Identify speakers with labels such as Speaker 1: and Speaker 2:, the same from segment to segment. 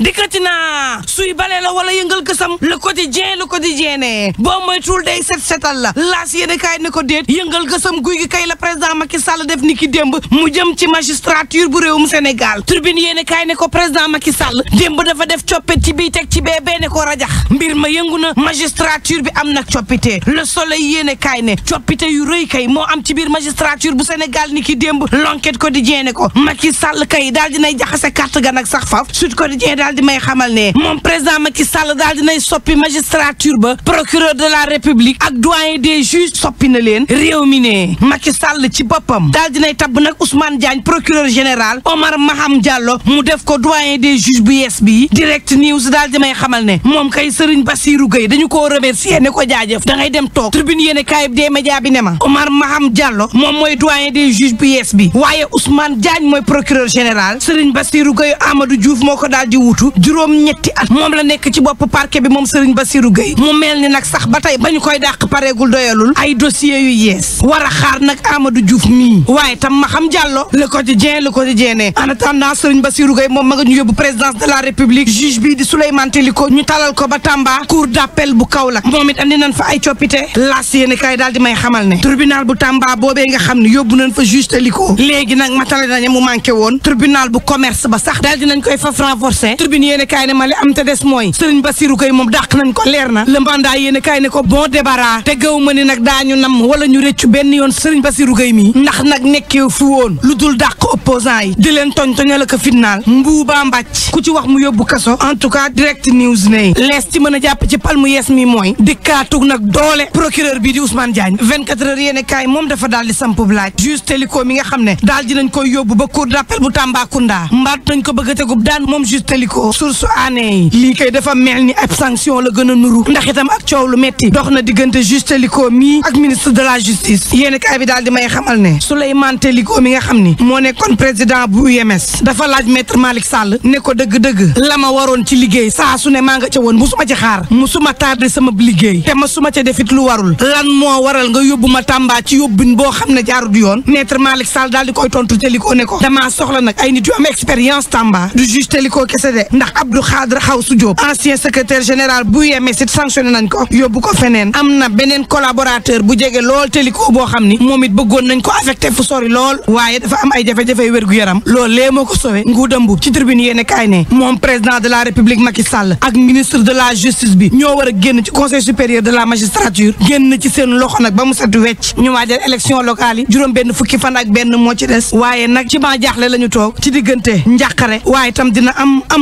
Speaker 1: dikkati naa suy bale la wala yëngal kësam le quotidien le quotidien ne boo moytuwul day set setal la laas yéen kaay ne ko déet yëngal kësam guy gi kay la président Macky Sall def ni ki démb mu jëm ci magistrature bu réewum Sénégal tribune yéen kaay ko président Macky Sall démb dafa def coppite ci bii teg ci bee bee ko rajax mbir ma yëngu na magistrature bi am nag coppite le soleil yéen kaay ne coppite yu rëy kay moo am ci biir magistrature bu Sénégal ni ki démb l'enquête quotidien ne ko Macky Sall kay daal dinay jaxase carte gan ak sax faf sud daal di may xamal moom président Macky Sall daal di nay soppi magistrature ba procureur de la république ak doyen des juges soppi na leen réew mi ne Macky Sall ci boppam daal di nay tabb nag Ousmane jaañ procureur général Omar Maham Diallo mu def ko doyen des juges bu yees bi direct news daal di may xamal ne moom kay Serigne Bassirou Gueye dañu ko remercier ne ko jaajëf da ngay dem toog tribune yéen kaayib des médias bi ne ma Omar Maham Diallo moom mooy doyen des juges bu yees bi waaye Ousmane Diagne mooy procureur général Serigne Bassirou Gueye Amadou Diouf moo ko daal di wuutu juróom-ñetti at moom la nekk ci bopp parquet bi moom Serigne ba Gueye mu mel ni nag sax ba tey ba ñu koy dàq pareegul doyalul ay dossier yu yees war a xaar nag Amadou Diouf mii waaye tam ma xam jàllo le quotidien le quotidien ne en attendant Serigne Bassirou Gueye moom ma nga ñu yóbbu présidence de la république juge bi di Souleymane Teliko ñu talal ko ba Tamba cour d'appel bu Kaolack moom it andi nañ fa ay coppite laas yéen kaay daal di may xamal ne tribunal bu Tamba boobee nga xam ne yóbbu nañ fa juge Teliko léegi nag matale nañu mu manqué woon tribunal bu commerce ba sax daal dinañ koy faf renforcer turbine yéen a kaay ne ma li am te des mooy moom na le lu dul yi di leen toñ toñal ak fitnaal mbuubaa mbàcc ku ci wax mu yóbbu tout cas direct news ne lees ci mën a mooy dikkaatug nag doole procureur bii di Ousmane Diagne a kaay moom dafa daal di laaj juge Téliko nga xam ne daal di nañ koy yóbbu ba cour d'appel bu Tambacounda mbaat nañ ko bëgg a tegub daan moom juge Téliko ko source aaneyi lii kay dafa mel ni ab sanction la gën a nuru ndax itam ak coow lu metti dox na diggante juge Teliko mii ak ministre de la justice yéeni kaay bi daal di may xamal ne Souleymane Teliko mi nga xam ni moo nekkoon président bu UMS dafa laaj maître Malick Sall ne ko dëgg-dëgg la ma waroon ci liggéey saa su ne maa nga ca woon musuma ci xaar musuma tardé sama liggéey te ma masuma ca defit lu warul lan moo waral nga yóbbu ma Tamba ci yóbbin boo xam ne jaarut yoon maître Malick Sall daal di koy tontu Teliko ko damaa soxla nag ay nit yu am de ndax Abdou Khadre Xawsu Diop ancien secrétaire général bu UMS sanctionné nañ ko yóbbu ko feneen am na beneen collaborateur bu jege lool Téliko boo xam ni moom it bëggoon nañ ko affecté fu sori lool waaye dafa am ay jafe-jafe wérgu yaram loolu lee moo ko sowe nguudam bu ci tribune yéen kaay moom président de la république Macky Sall ak ministre de la justice bi ñoo war a génn ci conseil supérieur de la magistrature génn ci seen loxo nag ba mu ak benn moo ci des la ñu ci diggante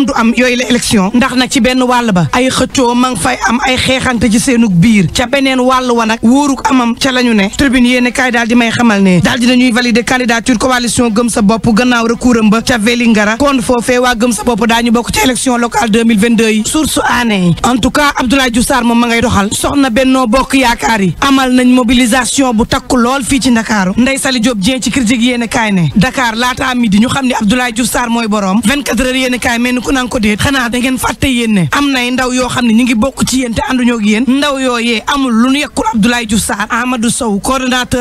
Speaker 1: du am yooyu la élection ndax nag ci benn wàll ba ay xëccoo ma fay am ay xeexante ci seenug biir ca beneen wàll wa nag wóoruk amam ca la ñu ne tribune yéen kaay daal di may xamal ne daal di nañuy valider candidature coalition gëm sa bopp gannaaw recours-am ca Vélingara kon foofee waa gëm sa bopp daañu bokk ci élection locale 2022 yi source aanée en tout cas Abdoulaye Diouf moom ma ngay doxal soxna bennoo bokk yaakaar amal nañ mobilisation bu takk lool fii ci Dakar laataa midi ñu xam ne Abdoulaye Diouf Sarr mooy boroom 24 heures yéen naan déet xanaa da ngeen fàtte yéen ne am nay ndaw yoo xam ne ñu ngi bokk ci yéen te ànduñoo ak yéen ndaw yooyee amul lu nu yekkul Abdoulaye Diouf Sarr Amadou Sow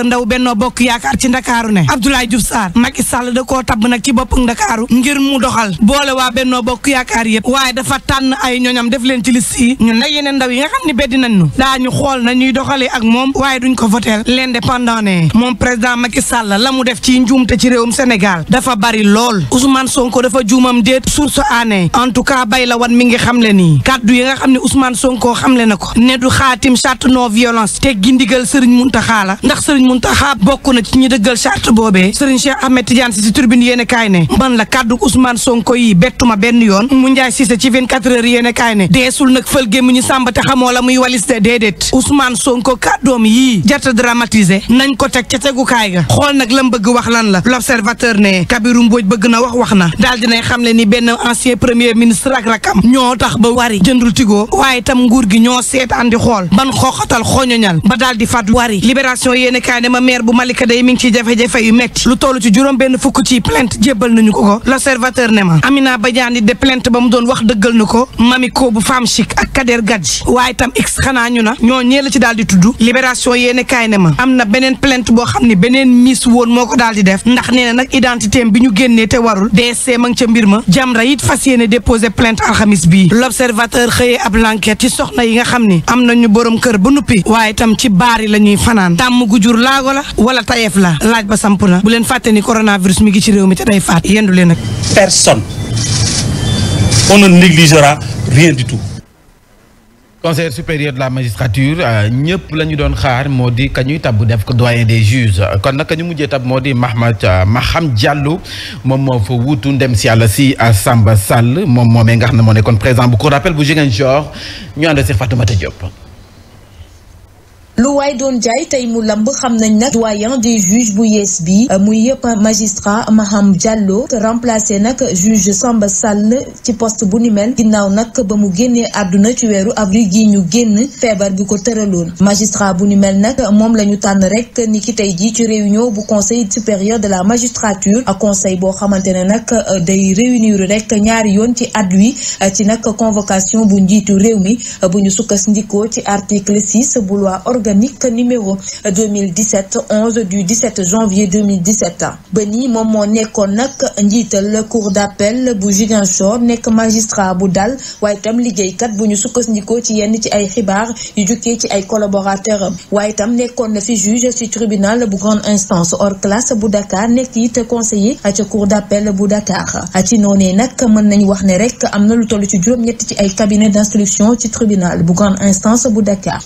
Speaker 1: ndaw Benno Bokk Yaakaar ci Ndakaaru ne Abdoulaye Diouf Sarr Macky Sall da koo tabb nag ci bopp Ndakaaru ngir mu doxal boole waa Benno Bokk Yaakaar yëpp waaye dafa tànn ay ñoñam def leen ci liste yi ñun nag yeneen ndaw yi nga xam ne beddi nañ ñu xool na ñuy doxalee ak moom waaye duñ ko voteel l'indépendant ne moom président Macky Sall la mu def ci njuumte ci réewum Sénégal dafa bari ne en tout cas bay la wan mi ngi xam le nii kàddu yi nga xam ne Ousmane Sonko xam na ko ne du xaatim charte non violence te gindigal Serigne Mountakha la ndax Serigne Mountakha bokk na ci ñi dëggal charte boobee Serigne Cheikh Ahmed Tidiane si si turbine yéene kaay ne man la kàddu Ousmane Sonko yi bettuma benn yoon mu njaay Cissé ci 24 heures yéene kaay ne deesul nag fël gémmi ñu sàmba te xamoo la muy walis de déedéet Ousmane Sonko kàddoom yii jarta dramatiser nañ ko teg ca wax lan la l'observateur ne Kabirou na wax wax na daal dinay premier ministre ak rakam ñoo tax ba wari jëndul tigo waaye tam nguur gi ñoo seetaan di xool ban xooxatal xooñoñal ba daal di fat wari libération yéeni kaay ne ma maire bu Malika day mi ngi ci jafe-jafe yu metti lu toll ci juróom benn fukk ci plainte jébbal nañu ko ko l'observateur ne ma Amina Badiane de plainte ba mu doon wax dëggal na ko mami ko bu femme chic ak Kader Gadji waaye tam x xanaa ñu na ñoo ñee la ci daal di tudd libération yéeni kaay ma am na beneen plainte boo xam ne beneen miss woon moo ko daal def ndax nee na nag identité bi ñu génnee te warul DSC ma ca mbir ma jam ra it yéene déposé plainte alxamis bi l'observateur xëyee ab l'enquête ci soxna yi nga xam ni am na nañu borom kër ba nuppi waaye itam ci baar yi la ñuy fanaan tàmm gu jur laago la wala tayeef la laaj ba samp na bu leen fàtte ni coronavirus mi ngi ci réew mi te day faat yendu leen nag personne on ne
Speaker 2: négligera rien du tout
Speaker 3: conseil supérieur de la magistrature euh, ñëpp la ñu doon xaar moo di ka ñuy bu def ko doyen des juges kon nag ñu mujjee tabb moo di ma euh, Maham jàllu moom moo fa wuutu ndem si yàlla si euh, Samba Sall moom moomee nga xam ne moo nekkoon président bu cour d'appel bu Ziguinchor ñu ànd si Fatoumata Diop.
Speaker 4: lu waay doon jaay tey mu lamb xam nañ nag doyen des juges bu yees bi muy yëpp magistrat Maham Diallo remplacé nag juge Samba Sall ci poste bu ni mel ginnaaw nag ba mu génnee àdduna ci weeru avril gi ñu génn feebar bi ko tëraloon magistrat bu ni mel nag moom la ñu tànn rek ni ki tey jii ci réunion bu conseil supérieur de la magistrature ak conseil boo xamante ne nag day réunir rek ñaari yoon ci at wi ci nag convocation bu njiitu réew mi bu ñu sukkas ndikoo ci article 6 organique numéro 2017 11 du 17 janvier 2017 moom moo nekkoon nag njiital cour d'appel bu Ziguinchor nekk magistrat bu dal waaye itam liggéeykat bu ñu sukkandikoo ci yenn ci ay xibaar yu jukkee ci ay collaborateur am waaye tam nekkoon na fi juge ci tribunal bu grande instance hors classe bu Dakar nekk it conseiller ca cour d'appel bu Dakar ci noonee nag mën nañu wax ne rek am na lu toll ci juróom-ñett ci ay cabinet d'instruction ci tribunal bu grande instance bu Dakar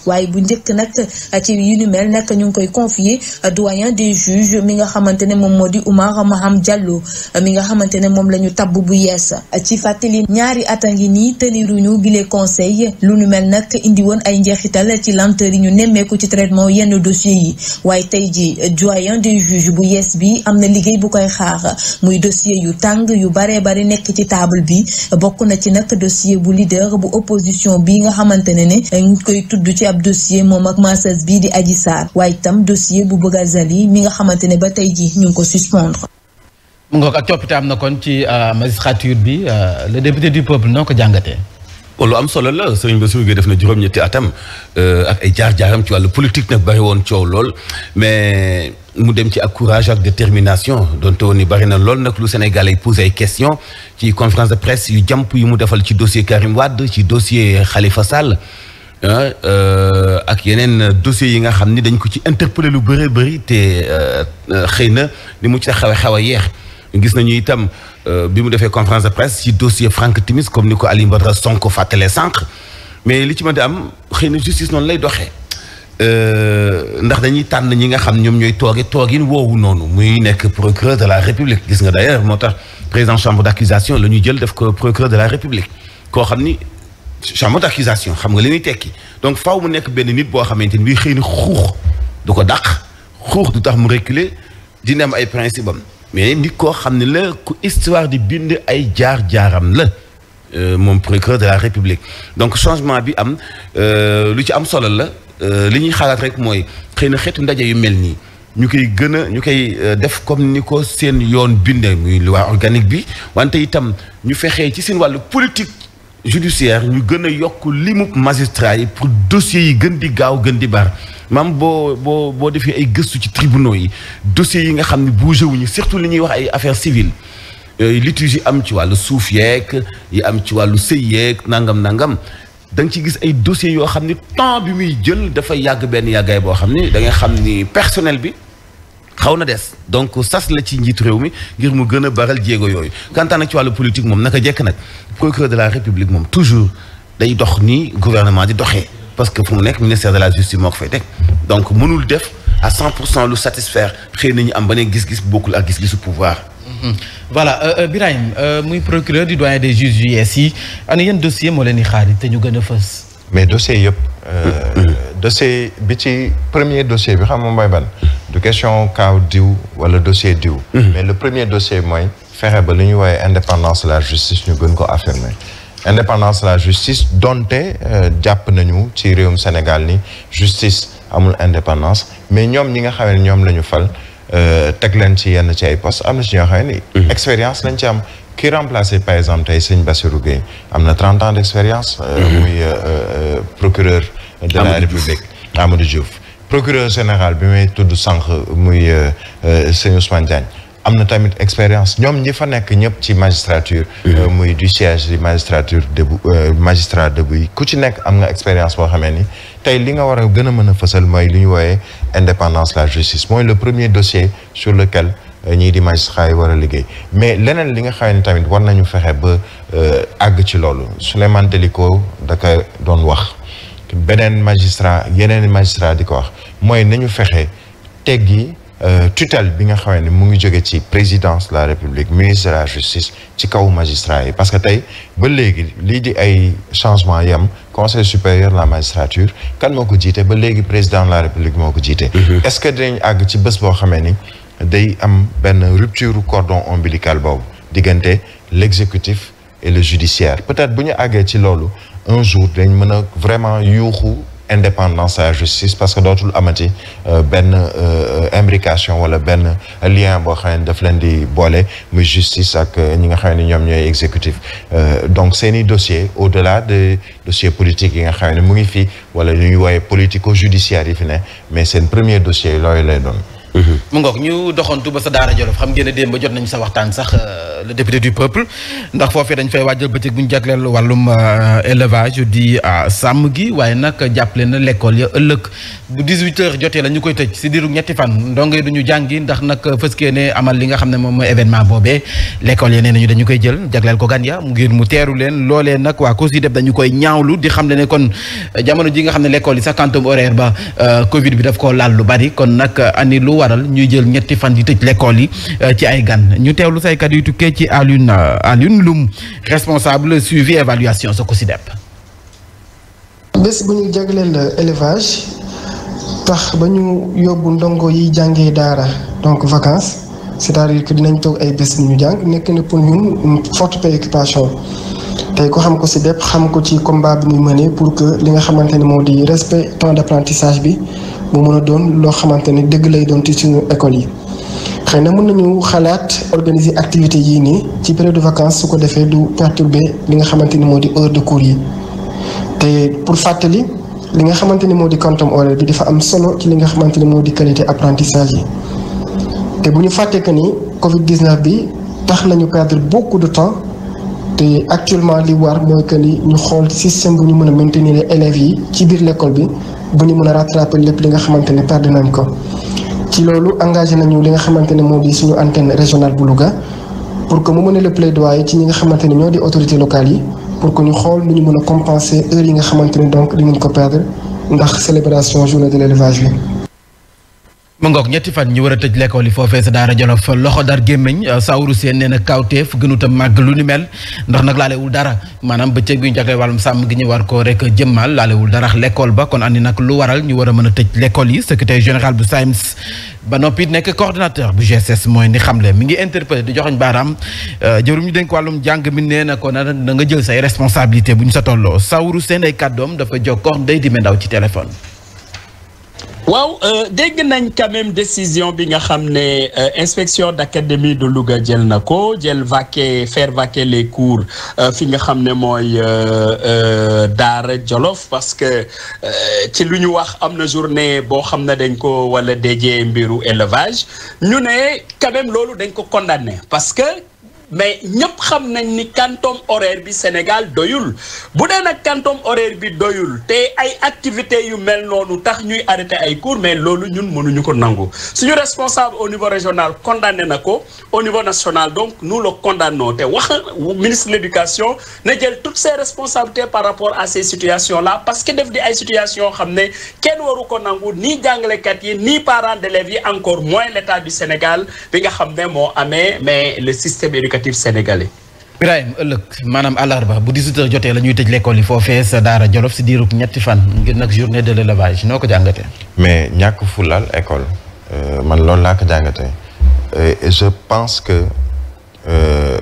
Speaker 4: ci yu ni mel nag ñu ngi koy confier doyen des juges mi nga xamante ne moom moo di Oumar Maham Diallo mi nga xamante ne moom la ñu tabb bu yees ci fàttali ñaari at a ngi nii ñu gile conseil lu nu mel nag indi woon ay njeexital ci lenteur yi ñu nemmeeku ci traitement yenn dossiers yi waaye tey ji doyen des juges bu yees bi am na liggéey bu koy xaar muy dossier yu tàng yu baree bari nekk ci table bi bokk na ci nag dossier bu leader bu opposition bi nga xamante ne ne ñu koy tudd ci ab dossier masseuse bii di Adji Sarr waaye itam dossier bu Bougazelli mi nga xamante ne ba tey jii ñu ngi ko suspendre.
Speaker 3: mu ngoog ak coppite am na kon ci euh, magistrature bi euh, le député du peuple noo ko jàngate
Speaker 5: lu am solo la Serigne Bassirou Guèye def na juróom-ñetti atam euh, ak ay jaar-jaaram ci wàllu politique nag bari woon coow lool mais mu dem ci ak courage ak détermination donte woon ni bari na lool nag lu Sénégalais yi posé ay question ci conférence de presse yu jàmp yu mu defal ci dossier Karim Wade ci dossier Khalifa Sall. Ah, euh, ak yeneen dossiers yi nga xam ni dañ ko ci interpellé lu bëri bëri te euh, euh, xëy na li mu ci xaw a xew a yeex gis nañu itam bi mu defee conférence de presse ci dossier Franck Timis comme ni ko Alioune Badara Sonko fàttalee sànq mais li ci mën de am xëy na justice noonu lay doxee ndax dañuy tànn ñi nga xam ñoom ñooy tooge toogin woowu noonu muy nekk procureur de la république gis nga d'ailleurs moo tax président chambre d'accusation la ñuy jël def ko procureur de la république koo xam ni chambre d'accusation xam nga li muy tekki donc faaw mu nekk benn nit boo xamante ni bii xëy na xuux du ko dàq xuux du tax mu reculer dina am ay principe mais nit koo xam ne la ku histoire di bind ay jaar-jaaram la euh, moom procureur de la république donc changement bi am euh, lu ci am solo la euh, li ñuy xalaat rek mooy xëy na xeetu ndaje yu mel nii ñu koy gën a ñu koy def comme ni ko seen yoon binde muy loi organique bi wante itam ñu fexee ci seen wàllu politique judiciaire ñu gën a yokk mu magistrat yi pour dossiers yi gën di gaaw gën di bar maam boo boo boo defee ay gëstu ci tribunaux yi dossiers yi nga xam ne bougé wuñu surtout li ñuy wax ay affaires civiles euh, litige yi am ci wàllu suuf yeeg yi am ci wàllu sëy yeeg nangam nangam da ci gis ay dossiers yoo xam ni temps bi muy jël dafa yàgg benn yàggaay boo xam ni da nga xam ni personnel bi xaw na des donc sas la ci njiit réew mi ngir mu gën a baral jéego yooyu quant nag ci wàllu politique moom naka jekk nag procureur de la république moom toujours day dox ni gouvernement di doxe parce que fu mu nekk ministère de la justice moo ko fay teg donc mënul def à 100 pour cent lu satisfaire xëy na ñu am ba ne gis-gis bokkul ak gis-gisu pouvoir.
Speaker 3: Mhm. voilà euh, euh, Birahim euh, muy procureur du doyen des juges yu yees yi ana yan dossier moo leen di xaari te ñu gën a fës.
Speaker 6: mais dossier yëpp. dossier bi ci premier dossier bi xam nga mooy ban. du question kaaw diw wala dossier diw mhm. mais le premier dossier mooy fexe ba lu ñuy woowee indépendance la justice ñu gën ko affirmer indépendance de la justice donte euh, jàpp nañu ci réewum Sénégal ni justice amul indépendance mais ñoom ñi nga xam ne ñoom la ñu fal euh, teg leen ci yenn ci ay poste am na ci ñoo xam ne mhm. expérience lañ ci am ki remplacé par exemple tey sëñ Bassirou am na trente ans d' expérience euh, mhm. muy procureur de la République Amadou Diouf procureur sénéral bi may tudd sànq muy euh, euh, sëñ Ousmane am na tamit expérience ñoom ñi fa nekk ñëpp ci magistrature mm-hmm. euh, muy du siège di de debout magistrat debout yi ku ci nekk am nga expérience boo xamee ni tey li nga war a gën a mën a fësal mooy lu ñu wooyee indépendance la justice mooy le premier dossier sur le lequel ñii di magistrat yi war a liggéey mais leneen li nga xamee ni tamit war nañu fexe ba àgg ci loolu Souleymane Teliko da ko doon wax beneen magistrat yeneen magistrat di ko wax mooy nañu fexe teggi euh, tutelle bi nga xamee ne mu ngi jóge ci présidence de la république ministre de la justice ci kaw magistrat yi parce que tey ba léegi lii di ay changement yam conseil supérieur la magistrature kan moo ko jiite ba léegi président de la république moo ko jiite mm-hmm. est-ce que dinañ àgg ci bés boo xamee ni day am benn rupture cordon ombilical boobu diggante l'exécutif et le judiciaire peut-être bu ñu àggee ci loolu un jour dañ mën a vraiment yuuxu indépendance à la justice parce que dootul amati euh, benn euh, imbrication wala benn lien boo xam ne daf leen di boole muy justice ak euh, ñi nga xam ne ñoom ñooy exécutif donc seeni dossier au delà de dossier politique yi nga xam ne mu ngi fii wala ñuy wooye politico judiciaire yi fi ne mais seen premier dossier looyu lay doon
Speaker 3: mu ngoog ñu doxantu ba sa daara Jolof xam ngeen ne démb ba jot nañu sa waxtaan sax euh, le député du peuple ndax foofee euh, euh, na l'école ya ëllëg bu 18 heures jotee la ñu koy tëj si diiru ñetti fan ndongo du ñu jàngi ndax nag fëskee ne li nga xam ne moom mooy événement boobee l'école ya nee nañu dañu koy jël jagleel ko gan ya ngir mu teeru leen loolee nag waa COSYDEP def dañu koy ñaawlu di xam ne ne kon jamono ji nga xam ne l'école yi sax quantum horaire ba Covid bi daf koo laal lu bari kon nag ani lu war waral ñuy jël ñetti fan di tëj l'école yi euh, ci ay gan ñu teew lu saykat yu tukkee ci Alioune euh, Alioune Loum responsable suivi évaluation sa ko si depp
Speaker 7: bés bu ñu jagleel élevage tax ba ñu yóbbu ndongo yiy jàngee daara donc vacances c'est-à-dire dinañ toog ay bés ñu jàng nekk na pour ñun une forte préoccupation tey ko xam ko si depp xam ko ci combat bi ñu mënee pour que li nga xamante ne moo di respect temps d'apprentissage bi mu mën a doon loo xamante ni dëgg lay doon ci suñu école yi xëy na mën nañu xalaat organiser activité yii nii ci période de vacances su ko defee du perturber li nga xamante ni moo di heure de cours yi te pour fàttali li nga xamante ni moo di quantum horaire bi dafa am solo ci li nga xamante ni moo di qualité apprentissage yi te bu ñu fàttee ko ni Covid 19 bi tax nañu perdre bokk de temps te actuellement li war mooy que ni ñu xool système bu ñu mën a maintenir élèves yi ci biir l'école bi. bu ñu mën a rattraper lépp li nga xamante ne perdu nañ ko. ci loolu engagé nañu li nga xamante ne moo di suñu antenne régionale bu luga pour que mu mën a le plaidoyer ci ñi nga xamante ne ñoo di autorité locales yi pour que ñu xool lu ñu mën a compenser heure yi nga xamante ne donc dinañ ko perdre ndax célébration journée de l'élevage bi.
Speaker 3: mu ngoog ñetti fan ñu war a tëj l'école yi foofee sa daara jolof loxo dar gémmiñ sawru seen nee na kawteef gënuta màgg lu ni mel ndax nag laalewul dara maanaam bëccëg bi ñu jagleel wàllum sàmm gi ñu war ko rek jëmmal laalewul dara lekkool ba kon andi nag lu waral ñu war a mën a tëj lekkool yi secrétaire général bu SAEMS ba noppi nekk coordonnateur bu GSS mooy ni xamle mi ngi interpellé di joxoñ baaraam euh, jëwrum ñu dénk wàllum jàng mi nee na ko na nga jël say responsabilité bu ñu sa tolloo sawru seen ay kàddoom dafa jokkoon day di mendaw ci téléphone
Speaker 5: waaw euh, dégg nañ quand décision bi nga xam ne euh, inspection d'académie de Louga jël na ko jël vaquer faire vaquer les cours euh, fi nga xam ne mooy Daara Jolof parce que ci lu ñu wax am na journée
Speaker 8: boo xam ne dañ ko wala déjee mbiru élevage ñu ne quand loolu dañ ko condamné parce que mais ñëpp xam nañ ni quantum horaire bi Sénégal doyul bu dee nag quantum horaire bi doyul te ay activités yu mel noonu tax ñuy arrêté
Speaker 2: ay cours mais loolu ñun mënuñu ko nangu suñu responsable au niveau régional condamné na ko
Speaker 8: au niveau national donc nous le condamnons te wax ministre de l'éducation na jël toutes ses responsabilités par rapport à ces situations là parce que def di ay situation yoo xam ne kenn waru ko nangu nii jàngalekat yi nii parents d'élèves yi encore moins l'état du Sénégal bi nga xam ne moo amee mais le système éducatif sénégalais.
Speaker 3: Birahim ëllëg maanaam àllarba bu 18h jotee la ñuy tëj l'école yi foofee sa daara Jolof si diirub ñetti fan ngir nag journée de l'élevage noo ko jàngatee.
Speaker 6: mais ñàkk fulal école euh, man loolu laa ko jàngatee euh, et je pense que euh,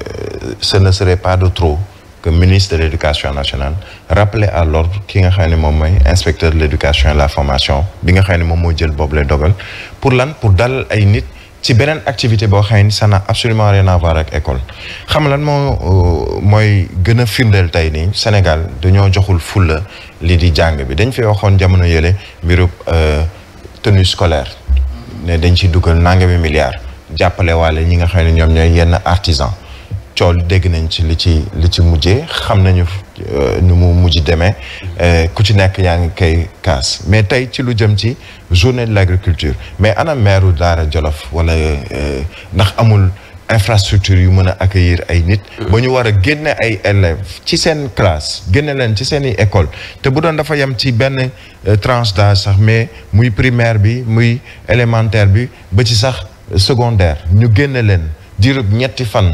Speaker 6: ce ne serait pas de trop que ministre de l'éducation nationale rappeler à l'ordre ki nga xam ne moom mooy inspecteur de l'éducation et la formation bi nga xam ne moom moo jël boobu lay dogal pour lan pour dal ay nit. ci beneen activité boo xëy ni ça n'a absolument rien à voir ak école xam lan moo euh, mooy gën a firndeel tey nii Sénégal dañoo joxul fulla lii di jàng bi dañ fi waxoon jamono yële mbirub euh, tenue scolaire ne dañ ci dugal nangami milliards jàppale waale ñi nga xam ne ñoom ñooy yenn artisan cool dégg nañ ci li ci li ci mujjee xam nañu Euh, nu mu mujj demee euh, ku ci nekk yaa ngi koy kaas mais tey ci lu jëm ci journée de l'agriculture mais ana meeru Daara Jolof wala euh, ndax amul infrastructure yu mën a accueillir ay nit ba ñu war a génne ay élèves ci seen classe génne leen ci seen i école te bu doon dafa yem ci benn tranche d'âge sax mais muy primaire bi muy élémentaire bi ba ci sax secondaire ñu génne leen diirub ñetti fan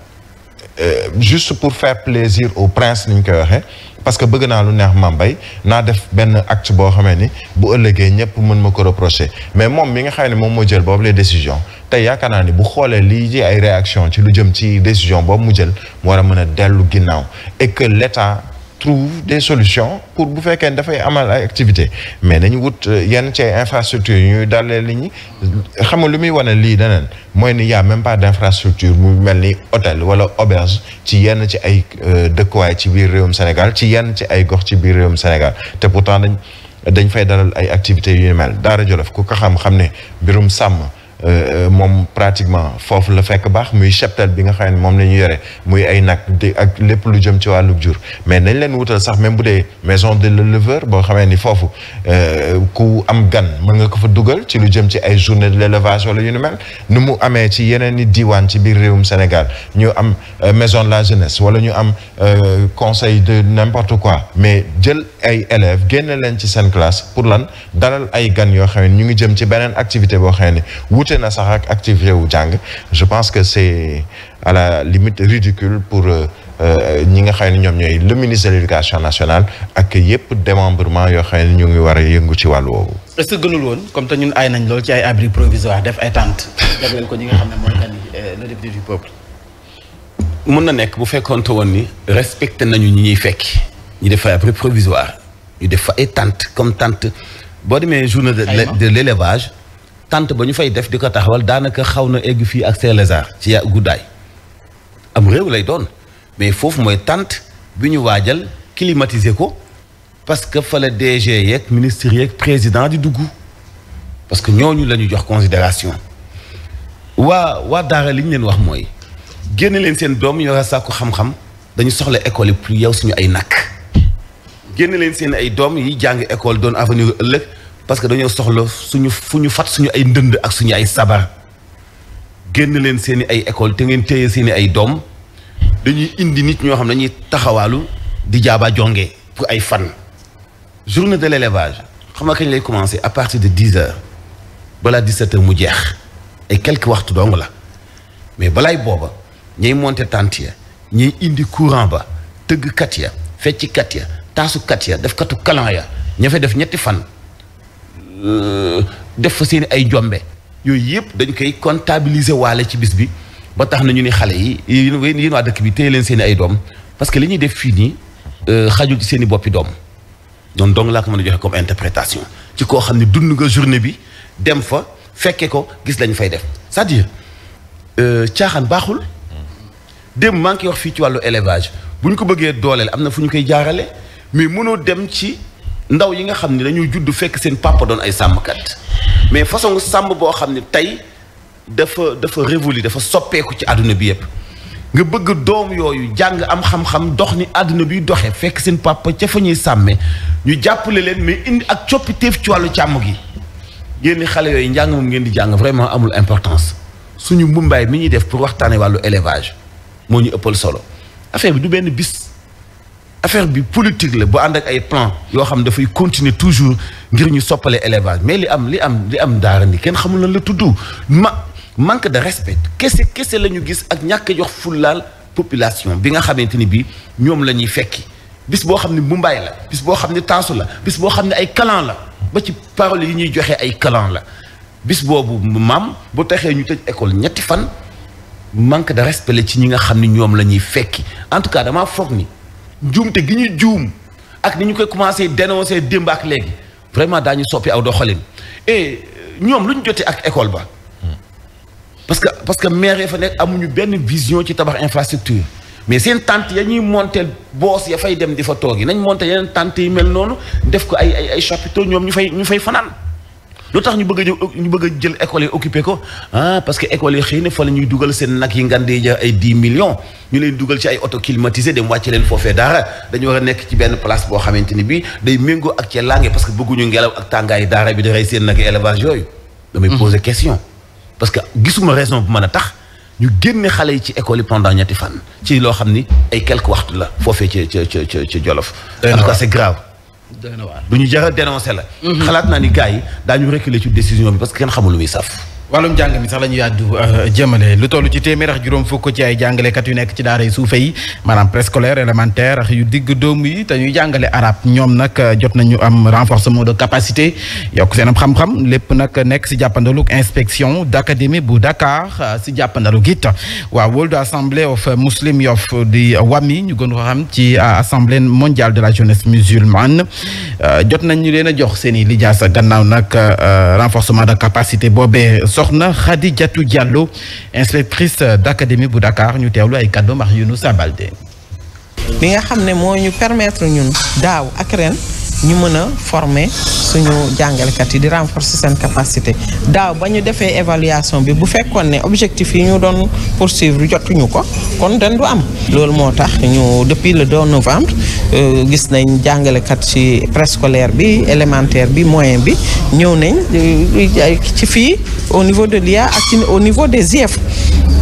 Speaker 6: Euh, juste pour faire plaisir au prince ni ñu koy waxee parce que bëgg naa lu neex mam bay naa def benn acte boo xamee ni bu ëllëgee ñëpp mën ma ko reprocher mais moom mi nga xam ne moom moo jël boobu lee décision tey yaakaar naa ni bu xoolee lii ji ay réaction ci lu jëm ci décision boobu mu jël mu war a mën a dellu ginnaaw et que trouve des solutions pour bu fekkee dafay amal ay activité mais dañu wut euh, yenn ci ay infrastructure yu ñuy dalee li ñi xam nga lu muy wane lii daneen mooy ni y'a même pas d'infrastructure bu mel ni hôtel wala auberge ci yenn ci ay euh, dëkkuwaay ci biir réewum Sénégal ci yenn ci ay gox ci biir réewum Sénégal te pourtant dañ dañ fay dalal ay activités yu mel Daara Jolof ku ko xam-xam ne mbirum sàmm Euh, euh, moom pratiquement foofu la fekk baax muy cheptel bi nga xam ne moom la ñu yore muy ay nag di ak lépp lu jëm ci wàllu jur mais nañ leen wutal sax même bu dee maison de l'éleveur boo xamee ni foofu euh, ku am gan mën nga ko fa dugal ci lu jëm ci ay journée de l'élevage wala yu ni mel ni mu amee ci yeneen i diiwaan ci biir réewum Sénégal ñu am maison de la jeunesse wala ñu am conseil de n'importe quoi mais jël ay élèves génne leen ci seen classe pour lan dalal ay gan yoo xam ne ñu ngi jëm ci beneen activité boo xam ne na sax ak activé wu jàng je pense que c'est à la limite ridicule pour euh, euh, ñi nga xam ne ñoom ñooy le ministre de l'éducation nationale ak yépp démembrement yoo xam ne ñu ngi war yëngu ci wàllu woowu.
Speaker 3: est-ce que gënul woon comme te ñun ay nañ lool ci ay abri provisoire def ay tant jagleel ko ñi nga xam ne
Speaker 5: euh, na nekk bu fekkoonte woon ni respecté nañu ñi ñuy fekki ñu def ay abri provisoire ñu def ay tentes comme tente boo demee journée de l'élevage tànt ba ñu fay def di ko taxawal daanaka xaw na egg fii ak Saint-Lazare ci ya guddaay am réew lay doon mais foofu mooy tànt bi ñu waajal climatiser ko parce que fa la DG yeeg ministre yeeg président di dugg parce que ñooñu la ñu jox considération waa waa daara li ñu leen wax mooy génne leen seen doom yore sàkku xam-xam dañu soxla école yi pour yow suñu ay nakk génne leen seen ay doom yi jàng école doon avenir ëllëg parce que dañoo soxla suñu fu ñu fat suñu ay ndënd ak suñu ay sabar génn leen seeni ay école te ngeen téye seeni ay doom dañuy indi nit ñoo xam ne dañuy taxawaalu di jaaba jonge pour ay fan journée de l'élevage xam nga kañ lay commencer à partir de dix heures balaa di sept heures mu jeex ay quelques waxtu dong la mais balaay booba ñay monter tente ya ñay indi courant ba tëggkat ya feccikat ya taasukat ya def katu kalan ya ña fa def ñetti fan def fa seen ay jombe yooyu yëpp dañ koy comptabiliser waale ci bis bi ba tax na ñu ni xale yi yéen yéen waa dëkk bi téye leen seen ay doom parce que li ñuy def fii nii euh, xajul ci seen i boppi doom noonu dong laa ko mën a joxe comme interprétation ci koo xam ne dund nga journée bi dem fa fekke ko gis lañ fay def c'est-à-dire euh, caaxaan baaxul dem maa ngi koy wax fii ci wàllu élevage bu ñu ko bëggee dooleel am na fu ñu koy jaarale mais mënoo dem ci ndaw yi nga xam ne dañuy judd fekk seen papa doon ay sàmmkat mais façon sàmm boo xam ne tey dafa dafa révolu dafa soppeeku ci àdduna bi yëpp nga bëgg doom yooyu jàng am xam-xam dox ni àdduna bi doxee fekk seen papa ca fa ñuy sàmmee ñu jàppale leen mais indi ak coppiteef ci wàllu càmm gi yéen xale yooyu njàng moom ngeen di jàng vraiment amul importance suñu mbumbaay mi ñuy def pour waxtaanee wàllu élevage moo ñu ëppal solo affaire bi du benn affaire bi politique la bu ànd ak ay plan yoo xam dafay continuer toujours ngir ñu soppale élévage mais li am li am li am daara ni kenn xamul lan la tudd ma manque de respect kese kese la ñu gis ak ñàkk jox fullaal population bi nga xamante ni bi ñoom la ñuy fekki bis boo xam ne Mumbaay la bis boo xam ne taasu la bis boo xam ne ay kalan la ba ci parole yi ñuy joxe ay calan la bis boobu maam bu texee ñu tëj école ñetti fan manque de respect la ci ñi nga xam ne ñoom la ñuy fekki en tout cas damaa foog ni njuumte gi ñuy juum ak ni ñu koy commencé dénoncer démb ak léegi vraiment daa ñu soppi aw doxalin et euh, ñoom lu ñu jotee ak école ba. parce que parce que maire fa nekk amuñu benn vision ci tabax infrastructure mais seen tente ya ñuy monteel bos ya fay dem di fa toogi nañ monté yeneen tente yi mel noonu def ko ay ay ay chapiteaux ñoom ñu fay ñu fay fanaan. lu tax ñu bëgg a ñu bëgg jël école yi occupé ko ah parce que école yi xëy na fa la ñuy dugal seen nag yi ngandee ja ay 10 millions ñu leen dugal ci ay auto climatisé dem wàcce leen foofee daara dañu war a nekk ci benn place boo xamante ni bii day méngoo ak cee langue parce que bëgguñu ngelaw ak tàngaayu daara bi da rey seen nag élevage yooyu. damay hmm. poser question parce que gisuma raison bu mën a tax. ñu génne xale yi ci école yi pendant ñetti fan ci loo xam ni ay quelques waxtu la foofee ci ci ci ci Jolof en du ñu jar a dénoncé la. Mhm. xalaat naa ni gars yi daañu reculer ci décision bi parce que kenn xamul lu muy saf.
Speaker 3: wàllum jàng mi sax la ñu yàddu euh, jëmale lu toll ci téeméer ak juróom fukk ci ay jàngalekat yu nekk ci daara yu suufe yi maanaam préscolaire élémentaire ak yu digg doom yi te ñuy jàngale arab ñoom nag euh, jot nañu am renforcement de capacité yokk seen am xam-xam lépp nag nekk si jàppandalu inspection d' bu Dakar si euh, jàppandalu git waaw World Assembly of Muslim Yof di WAMI ñu gën ko ci assemblée mondiale de la jeunesse musulmane jot nañ ñu leen a jox seen i lijaasa gannaaw nag renforcement de capacité boobee soxna Khady Diatou Diallo inspectrice d'académie bu Dakar ñu teewlu ay kàddoom ak Younousa Baldé li nga xam ne moo ñu permettre ñun daaw ak ren ñu mën a former suñu jàngalekat yi di renforcer seen capacité daaw ba ñu defee évaluation bi bu fekkoon ne objectif yi ñu doon poursuivre jotuñu ko kon den du am loolu moo tax ñu depuis le 2 novembre euh, gis nañ jàngalekat ci préscolaire bi élémentaire bi moyen bi ñëw nañ euh, ci fi au niveau de l'IA ak ci au niveau des IEF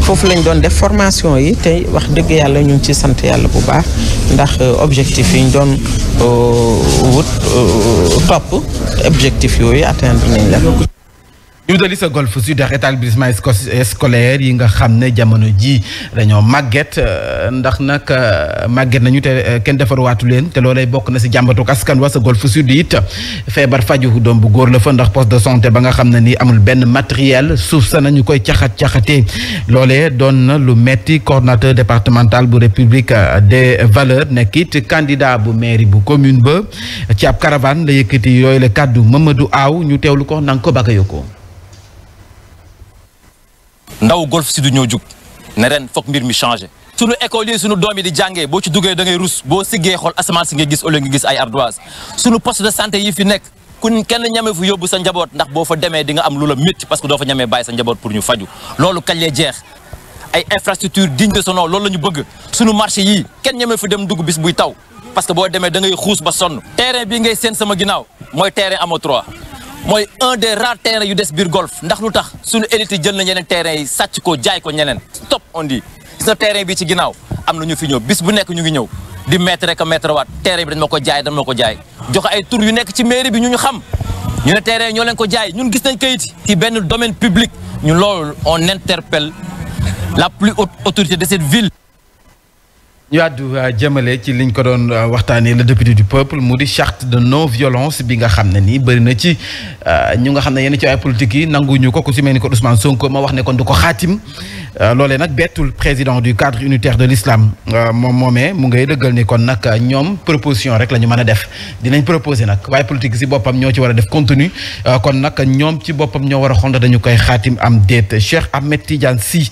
Speaker 3: foofu lañ doon def formation yi tey wax dëgg yàlla ñu ngi ci sant yàlla bu baax ndax euh, objectif yi ñu doon euh, wut euh, topp objectif yooyu atteindre nañ la ñu dali sa golf sud ak établissement scolaire yi nga xam ne jamono ji dañoo màgget euh, ndax nag euh, màgget nañu te euh, kenn defaruwaatu leen te loolay bokk na si jàmbatu kaskan wa sa golf sud it feebar faju doom bu góor la fa ndax poste de santé ba nga xam ne ni amul benn matériel suuf sa na ñu koy caxat caxatee loolee doon na lu metti coordonnateur départemental bu république des valeurs nekkit candidat bu mairie bu commune ba ci ab caravane la yëkkati yooyu la kàddu Mamadou Aw ñu teewlu ko nanga ko baka yoko ndaw golf si du ñoo jug ne ren mbir mi changé sunu école yi sunu doom yi di jàngee boo ci duggee da ngay rus boo siggee xool asamaan si nga gis au lieu nga gis ay ardoise sunu poste de santé yi fi nekk kun kenn ñame fu yóbbu sa njaboot ndax boo fa demee di nga am lu la métti parce que doo fa ñamee bàyyi sa njaboot pour ñu faju loolu kañ lay jeex ay infrastructure digne de son loolu la ñu bëgg sunu marché yii kenn ñamee fu dem dugg bis buy taw parce que boo demee da ngay xuus ba sonn terrain bii ngay seen sama ginnaaw mooy terrain AMO 3 mooy un de rares terrains yu des biir golf ndax lu tax suñu élite jël na ñeneen terrain yi sàcc ko jaay ko ñeneen stop on di gis na terrain bi ci ginnaaw am na ñu fi ñëw bis bu nekk ñu ngi ñëw di mètre rek a waat terrain bi dañ ma ko jaay dañ ma ko jaay jox ay tur yu nekk ci mairie bi ñu ñu xam ñu ne terrain ñoo leen ko jaay ñun gis nañ kayit ci benn domaine public ñu lool on interpelle la plus haute autorité de cette ville ñu àddu euh, jëmale ci liñ ko doon euh, waxtaanee le député du peuple mu di charte de non violence bi nga xam ne nii bëri na ci euh, ñu nga xam ne yenn ci ay politique yi nangu ñu ko ku ci mel ni ko Ousmane Sonko ma wax ne kon du ko xaatim loolee nag bettul président du cadre unitaire de l'islam moom moomee mu ngay dëggal ni kon nag ñoom proposition rek la ñu mën a def dinañ proposer nag waaye politique si boppam ñoo ci war a def contenu kon nag ñoom ci boppam ñoo war a xont dañu koy xaatim am déet Cheikh Ahmed Tidiane Sy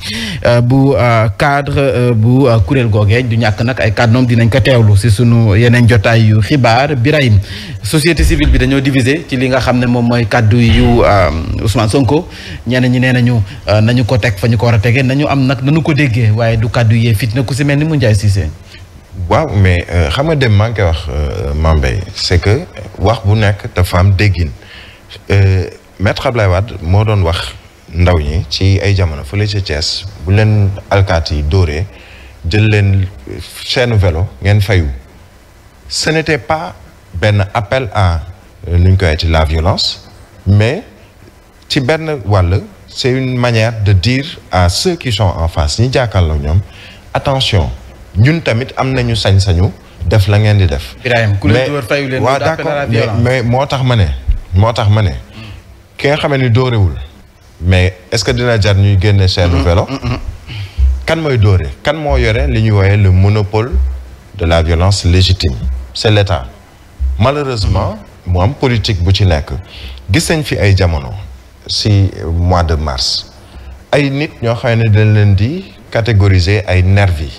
Speaker 3: bu cadre bu kuréel googee ñàkk nag ay kàddoom dinañ ko teewlu si suñu yeneen jotaay yu xibaar Birahim société civile bi dañoo divisé ci li nga xam ne moom mooy kàddu yu euh, Ousmane Sonko ñeneen ñi nee nañu euh, nañu ko teg fa ñu ko war a tegee nañu am nag nañu ko déggee waaye du kàddu yee fit na ku si mel ni mu
Speaker 6: Ndiaye Cissé. waaw mais euh, xam nga dem maa ngi koy wax Mambey c'est que wax bu nekk dafa am déggin maître Ablaye Wade moo doon wax ndaw ñi ci ay jamono fële ca Thiès bu leen alkaat yi dóoree. jël leen chaîne velo ngeen fayu ce n'était pas benn appel à euh, nu ñu koy ci la violence mais ci benn wàll c'est une manière de dire à ceux qui sont en face ñi jàkkaarloo ñoom attention ñun tamit am nañu sañ-sañu def la ngeen di def. mais waa d'accord mais moo tax ma ne. moo tax ma ne ki nga xam ne dóorewul mais est-ce que dina jar ñuy génne seen mm-hmm, vélo. Mm-hmm, mm-hmm. kan mooy dóore kan moo yore li ñuy wooyee le monopole de la violence légitime c'est l'État malheureusement mu am politique bu ci nekk gis nañ fi ay jamono si mois de mars ay nit ñoo xam ne dañ leen di catégoriser ay nervi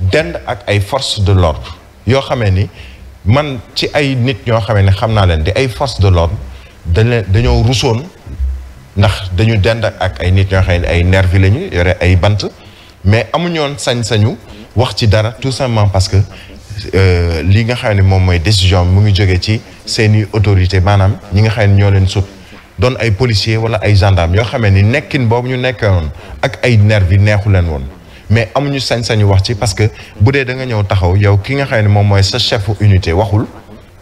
Speaker 6: dend ak ay forces de l'ordre yoo xamee ni man ci ay nit ñoo xamee ne xam naa leen di ay forces de l'ordre dañ dañoo rusoon ndax dañu dend ak ay nit ñoo xam ne ay nervi lañu yore ay bant mais amuñu woon sañ-sañu wax ci dara tout simplement parce que euh, li nga xam ne moom mooy décision mu ngi jógee ci seeni autorité maanaam ñi nga xam ne ñoo leen sut doon ay policier wala ay gendarme yoo xamee ni nekkin boobu ñu nekkoon ak ay nerf yi neexu leen woon mais amuñu sañ-sañu wax ci parce que bu dee da nga ñëw taxaw yow ki nga xam ne moom mooy sa chef unité waxul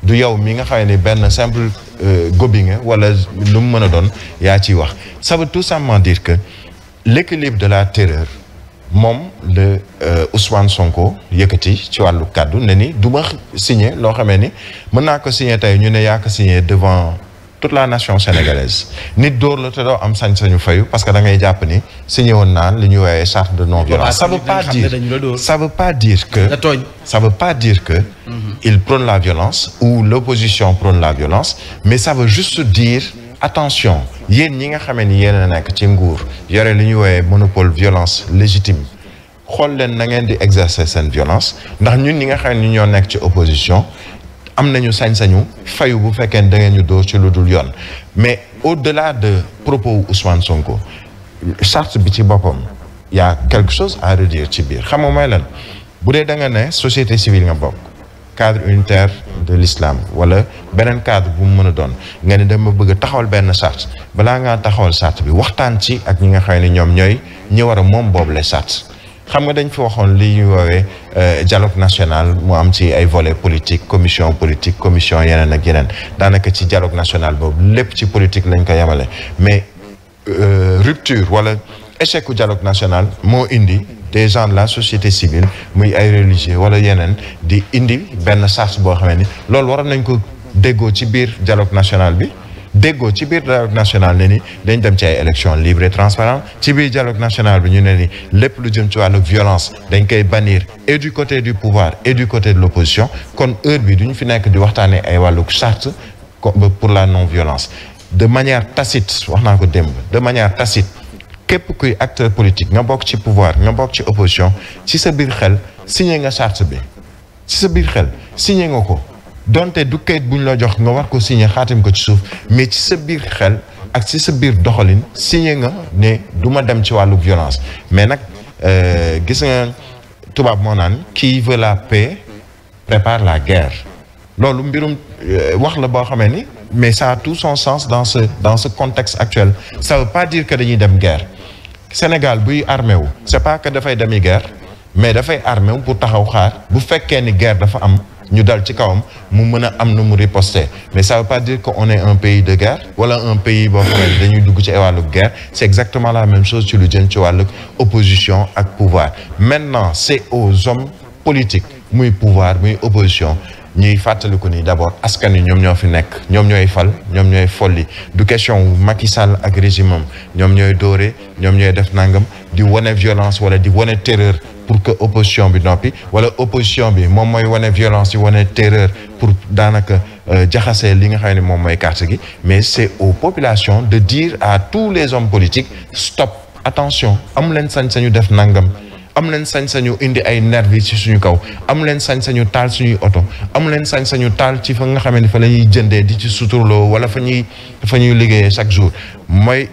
Speaker 6: du yow mi nga xam ne benn simple euh, gobi nga wala lu mu mën a doon yaa ciy wax ça veut tout simplement dire que l'équilibre la terreur moom le euh, Ousmane Sonko yëkkati ci wàllu kàddu ne ni du ma signé loo xamee ni mën naa ko signé tey ñu ne yaa ko signé devant toute la nation sénégalaise nit door la te doo am sañ-sañu fayu parce que da ngay jàpp ni signé woon naan lu ñuy woowee charte de non violence ah, ça veut pas dire ça veut pas dire que ça veut pas dire que mm-hmm. il prône la violence ou l'opposition prône la violence mais ça veut juste dire attention yéen ñi nga xamee ni yéen a nekk ci nguur yore li ñuy woowee monopole violence légitime xool leen na ngeen di exercer seen violence ndax ñun ñi nga xam ni ñoo nekk ci opposition am nañu sañ-sañu fayu bu fekkee ne da ngeen ñu dóor ci lu dul yoon mais au-delà de propos Ousmane Sonko charte bi ci boppam yaa a quelque chose à redire ci biir xam nga mooy lan bu dee da nga ne société civile nga bokk. cadre unitaire de l'islam wala beneen cadre bu mu mën a doon nga ne dama bëgg a taxawal benn charte balaa ngaa taxawal charte bi waxtaan ci ak ñi nga xam ni ñoom ñooy ñi war a moom boobu la charte xam nga dañ fi waxoon li ñuy woowee euh, dialogue national mu am ci ay volet politique commission politique commission yeneen ak yeneen daanaka ci dialogue national boobu lépp ci politique lañ ko yemale mais euh, rupture wala échec u dialogue national moo indi des gens la société civile muy ay religieux wala yeneen di indi benn sas boo xamee ni loolu waroon nañ ko déggoo ci biir dialogue national bi déggoo ci biir dialogue national ne ni dañ dem ci ay élections libres et transparentes ci biir dialogue national bi ñu ne ni lépp lu jëm ci wàllu violence dañ koy bannir et du côté du pouvoir et du côté de l'opposition kon heure bi duñu fi nekk di waxtaanee ay wàllu charte pour la non violence de manière tacite wax naa ko démb de manière tacite képp kuy acteur politique nga bokk ci pouvoir nga bokk ci opposition ci sa biir xel signé nga charte bi ci sa biir xel signé nga ko donte du kayit bu ñu la jox nga war ko signé xaatim ko ci suuf mais ci sa biir xel ak ci sa biir doxalin signé nga ne du ma dem ci wàllu violence mais nag euh, gis nga tubaab moo naan qui veut la paix prépare la guerre loolu mbirum euh, wax la boo xamee ni mais ça tout son sens dans ce dans ce contexte actuel ça veut pas dire que dañuy dem guerre Sénégal buy armé wu c'est pas que dafay demi guerre mais dafay armé wu pour taxaw xaar bu fekkee ni guerre dafa am ñu dal ci kawam mu mën a am nu mu riposter mais ça veut pas dire que on est un pays de guerre wala un pays boo dañuy dugg ci wàllu guerre c'est exactement la même chose ci lu jëm ci wàllu opposition ak pouvoir maintenant c'est au hommes politique muy pouvoir muy opposition ñuy fàttaliku nii d' abord askan wi ñoom ñoo fi nekk ñoom ñooy fal ñoom ñooy folli du question Macky Sall ak régime am ñoom ñooy dóore ñoom ñooy def nangam di wane violence wala di wane terreur pour que opposition bi noppi wala opposition bi moom mooy wane violence yi wane terreur pour daanaka euh, jaxasee li nga xam ne moom mooy carte gi mais c' est aux populations de dire à tous les hommes politiques stop attention am leen sañ-sañu def nangam. am leen sañ-sañu indi ay nervi ci suñu kaw am leen sañ-sañu taal suñuy oto am leen sañ-sañu taal ci fa nga xamante fa la ñuy jëndee di ci suturloo wala fa ñuy fa ñuy liggéeyee chaque jour mooy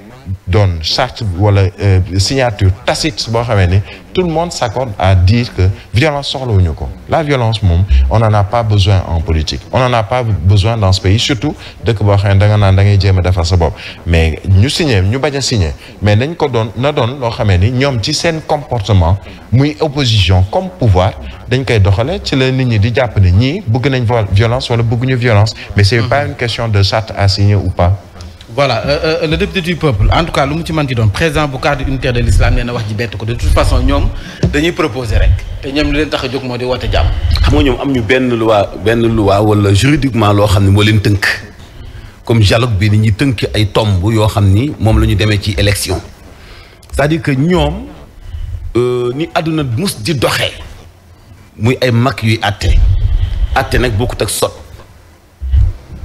Speaker 6: doon charte wala euh, signature tacite boo xamee ni tout le monde s'accorde à dire que violence soxlawuñu ko la violence moom on en a pas besoin en politique on en a pas besoin dans surtout dëkk boo xamee da nga naan da ngay jéem a defar sa bopp mais ñu signé ñu bañ a signé mais nañ ko doon na doon loo xamee ni ñoom ci seen comportement muy opposition comme pouvoir dañ koy doxale ci la nit ñi di jàpp ne ñii bëgg nañ violence wala bëgguñu violence mais c'est mhm. pas une question de charte à signer ou pas voilà euh, euh, le
Speaker 3: du peuple en tout cas lu mu ci mën di doon président bu cadre unitaire de l'islam nee na wax ji bett ko de toute façon ñoom dañuy proposer rek te ñoom li leen tax a jóg
Speaker 5: moo di wote jàmm. xam nga ñoom am ñu benn loi benn loi wala juridiquement loo xam ne moo leen tënk comme dialogue bi ni ñuy tënk ay tomb yoo xam ni moom la ñu demee ci élection c'est-à-dire que ñoom euh, ni àdduna mus di doxee muy ay mag yuy àtte àtte nag bokkut ak sot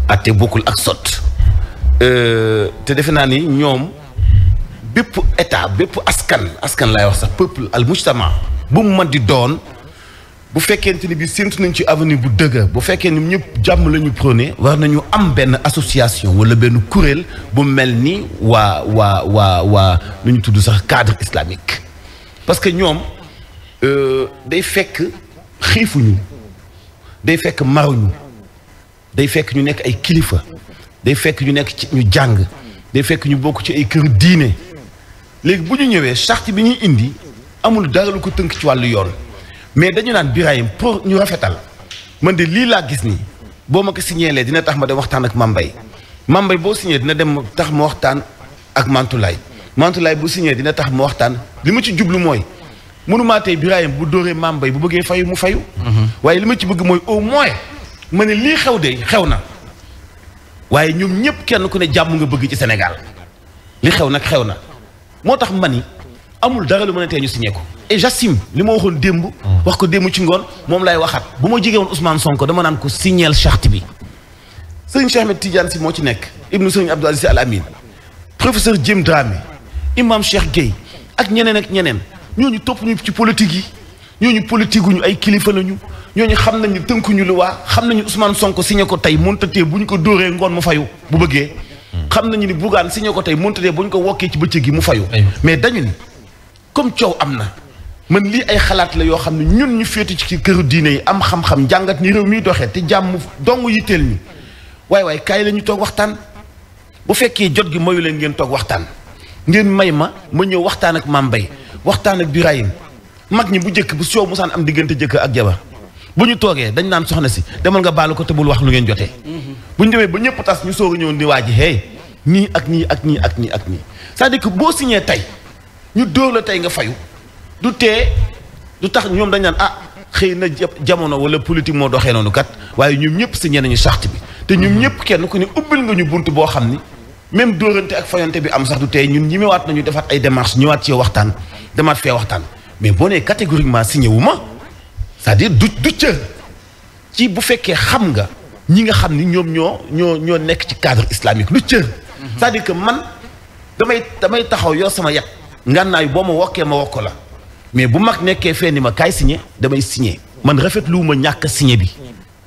Speaker 5: àtte bokkul ak sot. Euh, te defe naa ni ñoom bépp état bépp askan askan laay wax sax peuple al mujtama bu mu mat di doon bu fekkente ni bi séntu nañ ci avenir bu dëgër bu fekkee ni ñëpp jàmm la ñu war nañu am benn association wala benn kuréel bu mel ni waa waa waa waa lu ñu tudd sax cadre islamique parce que ñoom euh, day fekk xiifuñu day fekk maruñu day fekk ñu nekk ay kilifa day fekk ñu nekk ci ñu jàng day fekk ñu bokk ci ay kër diine léegi bu ñu ñëwee charte bi ñuy indi amul dara lu ko tënk ci wàllu yoon mais dañu naan Birahim pour ñu rafetal man de lii laa gis ni boo ma ko lee dina tax ma dem waxtaan ak Mambay Mambay boo signé dina dem tax ma waxtaan ak Mantulaay Mantulaay bu siñee dina tax ma waxtaan li ma ci jublu mooy mënumaa tey Birahim bu dóoree Mambay bu bëggee fayu mu fayu. Mhm. waaye li ma ci bëgg mooy au moins ma ne lii xew de xew na. waaye ñoom ñëpp kenn ku ne jàmm nga bëgg ci senegal li xew nag xew na moo tax ma ni amul dara lu mën a tee ñu signé ko et li ma waxoon démb. wax ko démb ci ngoon moom lay waxaat bu ma jege woon Ousmane Sonko dama naan ko signeel charte bi. sëñ Cheikh Ahmed Tidiane si moo ci nekk ibnu sëñ Abdou Aziz Al Amin professeur Djim Dramé imam Cheikh Gueye ak ñeneen ak ñeneen ñooñu topp ci politique yi ñooñu politique ay kilifa lañu ñooñu xam nañu tënkuñu lu waa xam nañu Ousmane Sonko signé ko tey mëntatee bu ñu ko dóoree ngoon mu fayu bu bëggee. xam nañu ni Bougane signé ko tey mëntatee bu ñu ko wokkee ci bëccëg gi mu fayu. mais dañu ni comme coow am na. mën lii ay xalaat la yoo xam ne ñun ñu féete ci këru diine yi am xam-xam jàngat ni réew miy doxee te jàmm dong yitteel ñi waaye waaye kaay lañu toog waxtaan bu fekkee jot gi mayu leen ngeen toog waxtaan ngeen may ma ma ñëw waxtaan ak Mame Mbaye waxtaan ak Birahim mag ñi bu njëkk bu soow musaan am diggante jëkk ak jabar bu ñu toogee dañ naan soxna si demal nga baalu ko te bul wax lu ngeen jotee bu ñu demee ba ñëpp tas ñu soog a ñëw ni waa ji hey nii ak nii ak nii ak nii ak nii cest à que boo signé tey ñu dóor la tey nga fayu du tee du tax ñoom dañ naan ah xëy na jamono wala politique moo doxee noonu kat waaye ñoom ñëpp signé nañu charte bi te ñu mhm. ñëpp kenn ku ne ubbil nga ñu bunt boo xam ni même dóorante ak fayante bi am sax du tey ñun ñi mewaat nañu defaat ay démarches ñëwaat ci waxtaan demaat fee waxtaan mais boo nee catégoriquement signé wu ma c'est-à-dire du du cër ci bu fekkee xam nga ñi nga xam ni ñoom ñoo ñoo ñoo nekk ci cadre islamique lu cër mhm. c'est-à-dire que man damay damay taxaw yor sama yat ngànnaayu boo ma wokkee ma wokk la mais bu mag nekkee fee ni ma kaay signé damay signé man rafetlu ma ñàkk a signé bi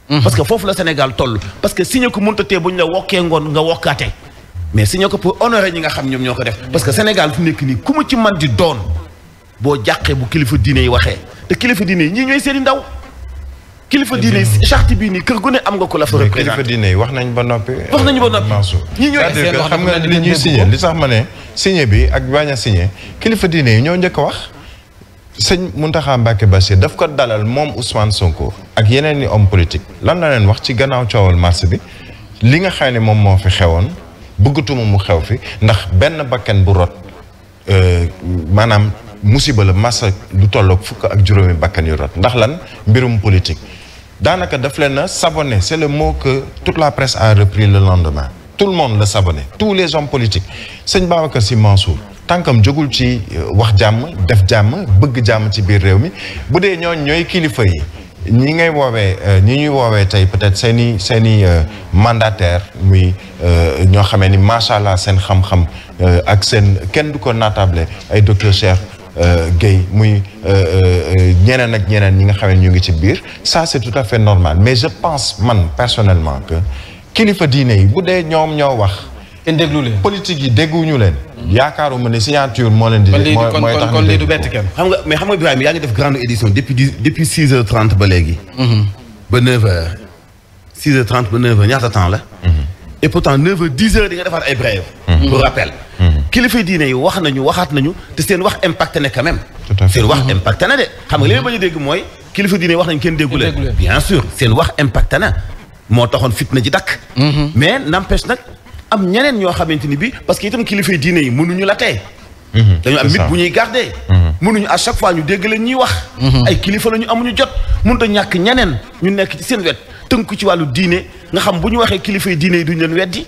Speaker 5: mhm. parce que foofu la senegal toll parce que signé ko mënta tee bu ñu la wokkee ngoon nga wokkaate mais signé ko pour honorer ñi nga xam ñoom ñoo ko def parce que Sénégal fu nekk nii ku mu ci man di doon boo jàqee bu kilifa diine yi waxee te kilifa diine yi ñii ñooy seen i ndaw. kilifa diine yi charte bii nii kër gu ne am nga ko la fa représenté
Speaker 6: yi wax nañ ba noppi. wax nañ ba noppi ñi ñooy. c'est-à-dire que xam nga li ñuy signé sax ma ne signé bi ak baaña a kilifa diine yi ñoo njëkk a wax. sëñ Mountakha Mbacké Bachir daf ko dalal moom Ousmane Sonko ak yeneen i om politique lan la leen wax ci gannaaw coowal mars bi li nga xam ne moom moo fi xewoon bëggatuma mu xew fi ndax benn bakken bu rot euh, maanaam. musiba la massa lu tolloog fukk ak juróomi bakkan yu ndax lan mbirum politique daanaka daf leen a sabonné c'est le mot que tout la presse en repris le lendemain tout le monde la sabone tous les hommes politiques sëñ Babacar Sy Mansour tànkam jógul ci euh, wax jàmm def jàmm bëgg jàmm ci biir réew mi bu dee ñooñ ñooy kilifa yi ñi ngay woowee euh, ñi ñuy woowee tey peut-être seen i seen i euh, mandataire muy ñoo xamee ni macha allah seen xam-xam ak seen kenn du ko naatable ay docteur Euh, Guèye muy euh, euh, ñeneen ak ñeneen ñi nga xam ne ñu ngi ci biir ça c'est tout à normal mais je pense man personnellement que kilifa diine yi bu dee ñoom ñoo wax. kenn déglu leen politique yi dégguñu leen. Mm-hmm. yaakaaruma ne signature moo
Speaker 5: leen di. mooy kon lii du bett kenn. xam nga mais xam nga Ibrahima yaa ngi def grande édition depuis dix depuis six heures trente ba léegi. Mm-hmm. ba neuf heures. six heures trente ba neuf heures ñaata temps la. Mm-hmm. et pourtant neuf heures dix heures di nga defaat ay brèves. pour kilifa diine yi wax nañu waxaat nañu te seen wax impact na quand seen wax mm-hmm. impacté na de. xam nga li may bañ a dégg mooy kilifa diine yi wax nañu kenn déggu leen. bien seen wax impacté moo taxoon fitna ji dakk mm-hmm. mais n'empêche nag am ñeneen ñoo xamante ni bi parce que itam kilifa diine yi mënuñu la tey. Mm-hmm. dañu am mit bu ñuy garder. mënuñu à chaque fois ñu dégg leen ñuy wax. ay kilifa la ñu amuñu jot mun a ñàkk ñeneen ñu nekk ci seen wet tënk ci wàllu diine nga xam bu ñu waxee kilifa diine yi duñ leen weddi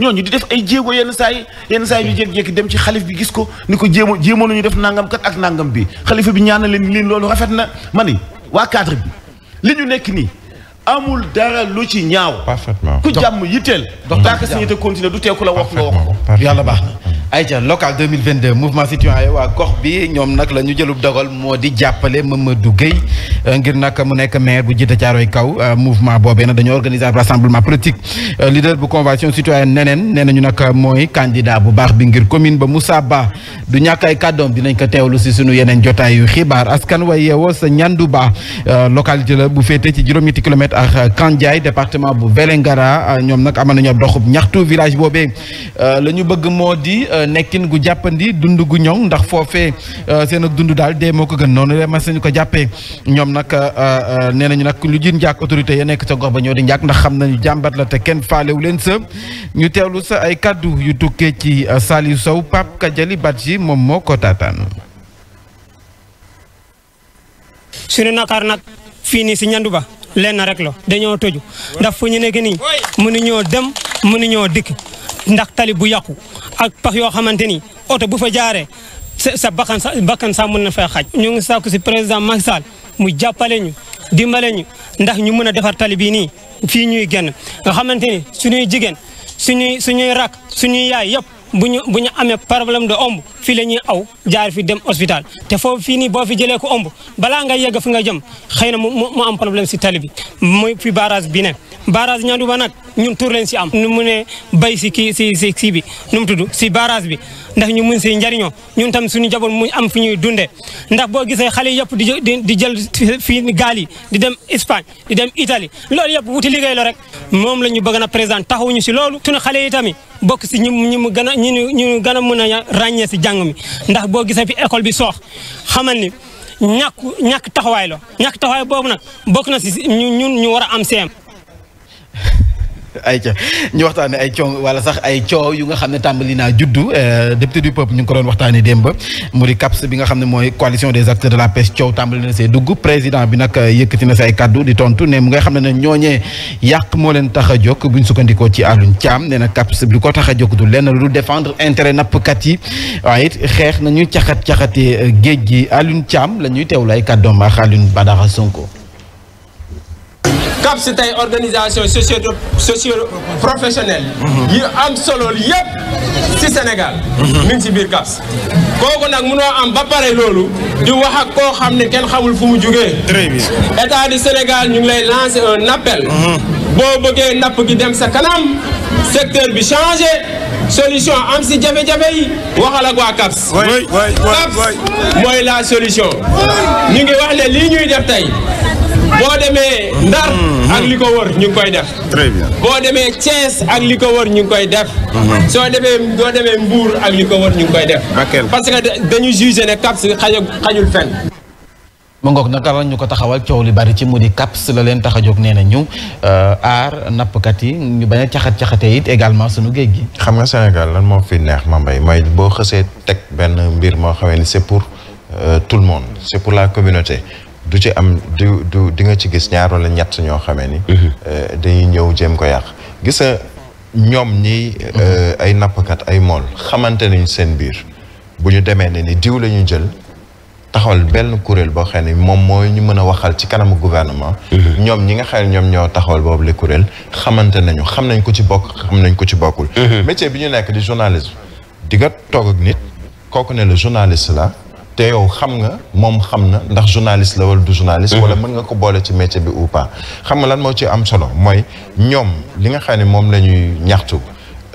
Speaker 5: ñooñu di def ay jéego yenn saa yi yenn saa yi ñu jékki dem ci xalif bi gis ko ni ko jéemo jéemoon nañu def nangam kat ak nangam bi xalifa bi ñaan na leen leen loolu rafet na ma ni waa cadre bi li ñu nekk nii amul dara lu ci ñaaw. parfaitement ku jàmm yitteel. dox tant que continuer du teeku la wax nga wax ko. yàlla baax na. ay ayca local 2022 mouvement
Speaker 3: citoyen waa gox bi ñoom nag la ñu jëlub dogal moo di jàppale du Gueye euh, ngir nag mu nekk maire bu jiite caaroy kaw euh, mouvement boobee nag dañoo organiser ab rassemblement politique euh, leader bu convention citoyenne neneen nee nañu nag mooy candidat bu baax bi ngir commune ba Moussa Ba du ñàkk ay kàddoom dinañ ko teewlu si suñu yeneen jotaayu xibaar askan way yeewoo sa ñandu ba localité la bu féete ci juróom-ñetti kilomètres ak Kandiaye département bu Vélingara ñoom nag amal nañu doxub ñaxtu village boobee la nekkin gu jàppandi dund gu ñoŋ ndax foofee euh, seen ak dund daal dee moo ko gën noonu mas nañu ko jàppee ñoom nag euh, euh, nee nañu nag lu ji njàkk autorité ya nekk ca gox ba ñoo di njàkk ndax xam nañu jàmbat la te kenn faalewu leen sa ñu teewlu sa ay kaddu yu tukkee ci Saliou Sow Pape Kajali yi moom moo ko taataan
Speaker 8: suñu nakaar nag fii nii si ñandu ba lenn rek la dañoo tëju ndax fu ñu nekk nii mënuñoo dem mënuñoo dikk ndax tali bu yàqu ak pax yoo xamante ni oto bu fa jaaree sa sa bakkan sa bakkan sa mën na fay xaj ñu ngi si président Macky Sall mu jàppale ñu dimbale ñu ndax ñu mën a defar tali bii nii fii ñuy génn nga xamante ni suñuy jigéen suñuy suñuy rak suñuy yaay yëpp bu ñu bu ñu amee problème de omb fii la ñuy aw jaar fi dem hôpital te foofu fii nii boo fi jëlee ko omb balaa nga yegg fi nga jëm xëy na mu mu am problème si tali bi muy fi barrage bi ne barrage ñandu ba nag ñun tur leen si am nu mu ne bay si kii si si kii bi nu mu tudd si barrage bi ndax ñu mun si njariñoo ñun tam suñu jaboon mu am fu ñuy dundee ndax boo gisee xale yëpp di di jël fii gaal yi di dem Espagne di dem Italie loolu yëpp wuti liggéey la rek moom la ñu bëgg na président taxawuñu si loolu suñu xale yi tamit bokk si ñu ñu mu gën a ñu ñu gën a mën a ràññee si jàng mi ndax boo gisee fi école bi soox xamal ni ñàkk ñàkk taxawaay la ñàkk taxawaay boobu nag bokk na si ñun ñu war a am CM
Speaker 3: ay ca ñu waxtaanee ay coow wala sax ay coow yu nga xam ne tàmbali naa juddu euh, député du peuple ñu ngi doon waxtaanee démb mu di CAPS bi nga xam ne mooy coalition des acteurs de la pêche coow tàmbali na see dugg président bi nag euh, yëkkati na si ay kaddu di tontu ne mu ngay xam ne ñooñee yàq moo leen tax a jóg ñu sukkandikoo ci Alioune Thiam nee na CAPS bi lu ko tax a jóg du lenn lu défendre intérêt nappkat yi waaye it xeex nañu caxat caxatee euh, géej gi Alioune Thiam la ñuy teewlu ay kàddoom ak Alioune a Sonko.
Speaker 8: CAPS tey organisation socio socio professionnelle yi am solo yépp si Sénégal mhm. mi si biir CAPS kooku nag mu mënoo am ba pare loolu di wax ak koo xam ne kenn xamul fu mu jugee très bien état du Sénégal ñu ngi lay lancer un appel mhm. boo bëggee napp gi dem sa kanam secteur bi changé solution am si jafe-jafe yi waxal ak waa CAPS la solution ñu ngi wax ne lii ñuy def tey boo demee Ndar ak li ko wër ñu ngi koy def boo demee Thiès ak li ko wër ñu ngi koy def mhm. soo demee boo demee Mbour ak li ko wër ñu ngi koy def parce que dañu jugé ne CAPS xajul xajul fenn
Speaker 3: mu ngoog nag ñu ko taxawal coow li bari ci mu di CAPS la leen tax a jóg nee na ñu euh, aar nappkat yi ñu bañ a caxat-caxate it également suñu géej
Speaker 6: gi xam nga Sénégal lan moo fi neex ma mbay mooy boo xësee teg benn mbir moo xamee ni c'est pour euh, tout le monde c'est pour la communauté du ci am du du di nga ci gis ñaar la ñett ñoo xamee ni mhm. euh, dañuy ñëw jéem ko yàq gis nga ñoom ñi mhm. euh, ay nappkat ay mool xamante nañ seen biir bu ñu demee ne ni diw la ñu jël taxawal benn kuréel boo xam ne moom mooy ñu mën a waxal ci kanamu gouvernement mhm. ñoom ñi nga xam ñoom ñoo taxawal boobu le kuréel xamante nañu xam nañ ko ci bokk xam nañ ko ci bokkul métier bi ñu nekk di journalisme di nga toog ak nit kooku ne le journaliste la te yow xam nga moom xam na ndax journaliste la walla du journaliste. Mhm. wala mën nga ko boole ci métier bi ou pas. xam nga lan moo ci am solo mooy ñoom li nga xam ne moom la ñuy ñaxtu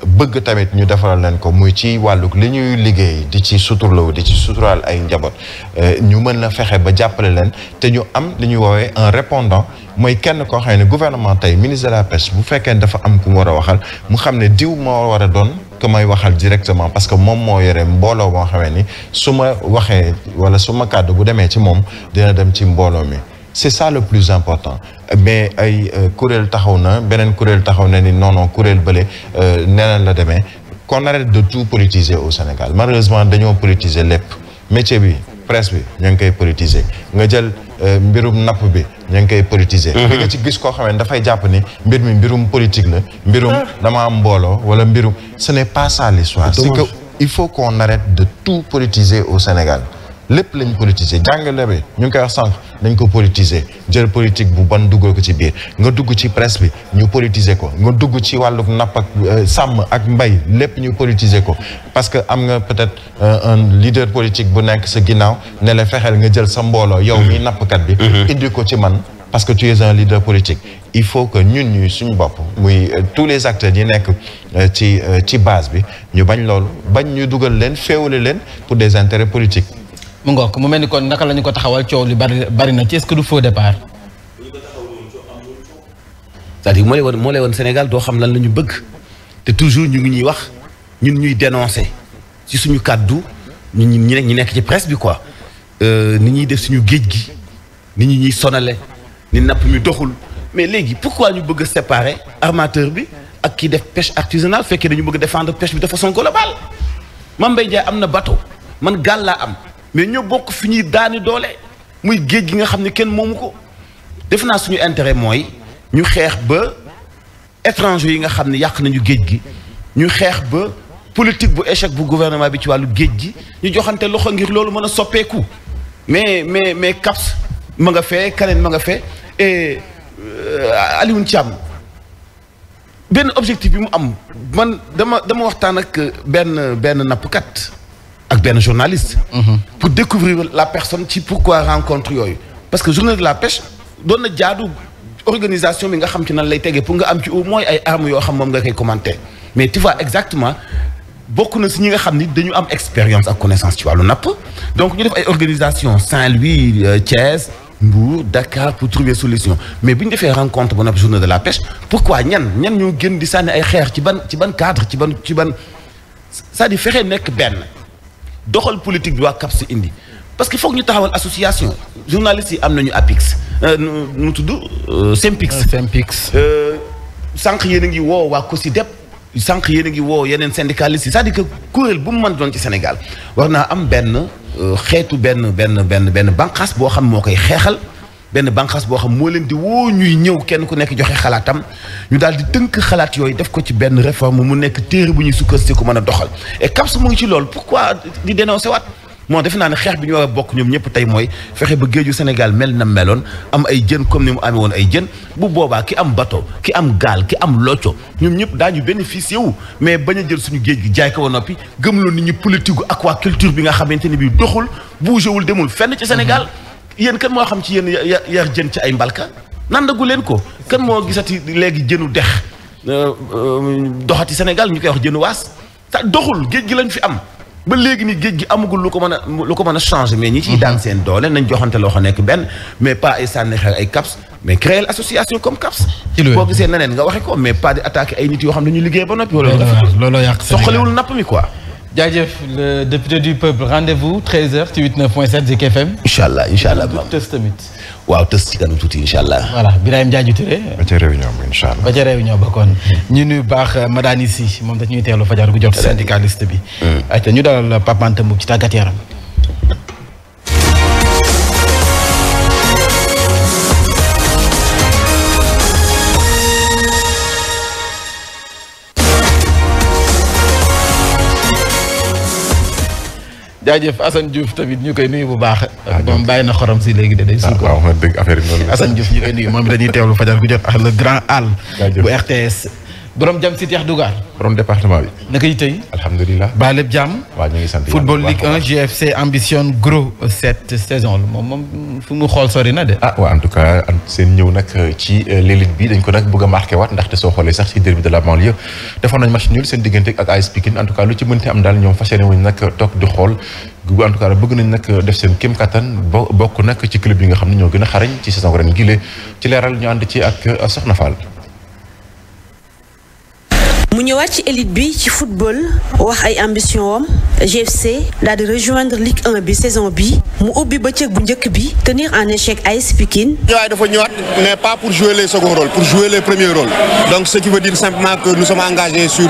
Speaker 6: bëgg tamit ñu defaral leen ko muy ci wàllug li ñuy liggéey di ci suturlaw di ci suturaal ay njaboot euh, ñu mën na fexe ba jàppale leen te ñu am li ñuy woowee un répondant. mooy kenn koo xam ne gouvernement tey ministre de la pêche bu fekkee ne dafa am ku mu war a waxal mu xam ne diw moo war a doon que may waxal directement parce que moom moo yore mbooloo moo xamee ni su ma waxee wala su ma kàddu bu demee ci moom dina dem ci mbooloo mi c'est ça le plus important mais ay euh, kuréel taxaw na beneen kuréel taxaw na ni non non kuréel bële euh, neneen la demee qu'on arrête de tout politiser au Sénégal malheusement dañoo politiser lépp métier bi presse bi ña ngi koy politiser nga jël euh, mbirum napp bi ña ngi koy politiser li mhm. nga ci gis koo xam ne dafay jàpp ni mbir mi mbirum politique la mbirum ah. dama am mbooloo wala mbirum ce n'est pas ça l'histoire c'est que il faut que arrête de tout politiser au Sénégal lépp lañ politiser jàngale bi ñu ngi koy wax sànq dañ ko politiser jël politique bu ban duggal ko ci biir nga dugg ci presse bi ñu politiser ko nga dugg ci wàllug nappak euh, sàmm ak mbay lépp ñu politiser ko parce que am nga peut-être euh, un leader politique bu nekk sa ginnaaw ne la fexeel nga jël sa mbooloo yow mi nappkat bi mhm. Mhm. indi ko ci man parce que tu es un leader politique il faut que ñun ñuy suñu bopp muy euh, tous les acteurs yi nekk ci ci base bi ñu bañ loolu bañ ñu dugal leen féewale leen pour des intérêts politiques
Speaker 3: mu ngoog mu mel ni kon naka lañu ñu ko taxawal coow li bari bari na ci est-ce que du faux départ.
Speaker 5: c'est-à-dire moo lay woon moo lay woon Sénégal doo xam lan la ñu bëgg te toujours ñu ngi ñuy wax ñun ñuy dénoncer ci suñu kàddu ñu ñu ñu nekk ci presse bi quoi euh, ni ñuy def suñu géej gi ni ñu ñuy sonale ni napp ñu doxul mais léegi pourquoi ñu bëgg a séparer armateur bi ak kii def pêche artisanale fekkee dañu bëgg défendre pêche bi de façon globale Mame Mbaye Ndiaye am na bateau man gaal laa am. mais ñoo bokk fi ñuy daani doole muy géej gi nga xam ne kenn moomu ko def naa suñu intérêt mooy ñu xeex ba étranger yi nga xam ne yàq nañu géej gi ñu xeex ba politique bu échec bu gouvernement bi ci wàllu géej gi ñu joxante loxo ngir loolu mën a soppeeku mais mais mais CAPS ma nga fee kaneen ma nga fee et euh, Alioune Thiam benn objectif bi mu am man dama dama waxtaan ak benn benn nappkat. ak benn journaliste. Mhm. pour découvrir la personne ci pourquoi rencontre yooyu. parce que journée de la pêche doon na jaadu organisation bi nga xam ci nan lay tegee pour nga am ci au moins ay armes yoo xam moom nga koy commenter mais tu vois exactement bokk na si ñi nga xam ni dañu am expérience ak connaissance ci wàllu napp. donc ñu def ay organisation Saint-Louis euh, Thiès Mbour Dakar pour trouver solution mais bu ñu defee rencontre ba noppi journée de la pêche pourquoi ñan ñan ñoo gën di sànni ay xeer ci ban ci ban cadre ci ban ci ban cest à fexe nekk benn. doxal politique bi waa CAPS indi parce que foog ñu taxawal association journalistes yi am nañu APIX euh, nu tudd euh, SYNPICS. Euh, SYNPICS. sànq yéen a ngi woo waa COSYDEP sànq yéen a ngi woo yeneen syndicalistes yi cest que kuréel bu mu mën doon ci Sénégal war naa am benn xeetu benn benn benn benn bànqaas boo xam moo koy xeexal. benn bànqaas boo xam moo leen di woo ñuy ñëw kenn ku nekk joxe xalaatam ñu daal di tënk xalaat yooyu def ko ci benn réforme mu nekk téere bu ñuy ku mën a doxal et CAPS mu ngi ci lool loolu pourquoi di dénoncé waat moom def naa ne xeex bi ñu war a bokk ñoom ñëpp tey mooy fexe ba géeju Sénégal mel na meloon am ay jën comme ni mu amee woon ay jën bu boobaa ki am bateau ki am gaal ki am locco ñoom ñëpp ñu daañu bénéficié wu mais bañ jël suñu géej gi jaay ko ba noppi gëmloo nit ñi politique aquaculture bi nga xamante ni bii doxul bougéwul demul fenn ci Sénégal. yéen kan moo xam ci yéen ya jën ci ay mbalka nandagu leen ko kan moo gisati léegi jënu dex euh, euh, doxati Sénégal ñu koy wax jënu waas ta doxul géej gi lañ fi am ba léegi ni géej gi amagul lu ko mën a ko mën a changé mais ñi ciy daan mhm. seen doole nañ joxante loo xam nekk benn mais pas ay sànni xel ay CAPS mais créer association comme CAPS. boo gisee neneen nga waxe ko mais pas di attaquer ay nit yoo xam ne ñu liggéey ba noppi. looloo yàq soxalewul napp mi
Speaker 3: jaajëf le député du peuple rendez-vous 13h ci 89.7 Zik FM.
Speaker 5: incha allah incha allah maam tës tamit. waaw tës ci kanam tuuti incha allah.
Speaker 3: voilà Birahim Diadio Touré.
Speaker 6: ba ca réunion ba
Speaker 3: incha allah. ba ca ñu nuyu baax euh, Madani Si moom dañuy teelu fajar gu jot syndicaliste bi. Mm. ayca ñu dalal Pape Anta ci tàggat yaram. jaajëf Assane Diouf tamit ñu koy nuyu bu baax. Ah, moom bàyyi na xorom si léegi de day suukar. Ah, waaw
Speaker 9: waaw wax dëgg affaire yi noonu la. Assane
Speaker 3: Diouf ñu koy nuyu moom dañuy teewlu fajar gu jot ak le grand hall. bu RTS. borom jam si Teex Dugar.
Speaker 9: borom département bi. naka yi tey. alhamdulilah baa lépp jàmm. waa ñu ngi sant football Ligue
Speaker 3: 1 GFC ambition gros cette saison moom moom
Speaker 9: fu mu xool sori na de. ah waaw en tout cas seen ñëw nag euh, ci euh, l'élite bi dañ ko nag bëgg a wat waat ndaxte soo xoolee sax ci derby de la banlieue defoon nañ match nul seen diggante ak AS Pikine en tout cas lu ci mënti am daal ñoom fas yéene wuñ nag toog di xool. en tout cas bëgg nañ nag def seen kéem kattan bo bokk nag ci club yi nga xam ne ñoo gën a xarañ ci saison ren gile ci leeral ñu ci ak euh, Soxna Fall.
Speaker 4: mu ñëwaat ci élite bi ci football wax ay ambition am GFC daal di rejoindre Ligue 1 bi saison bi mu ubbi bëccëg bu njëkk bi tenir en échec AS Pikine. ñëwaay dafa ñëwaat
Speaker 2: mais pas pour jouer les seconds rôles pour jouer les premiers rôles donc ce qui veut dire simplement que nous sommes engagés sur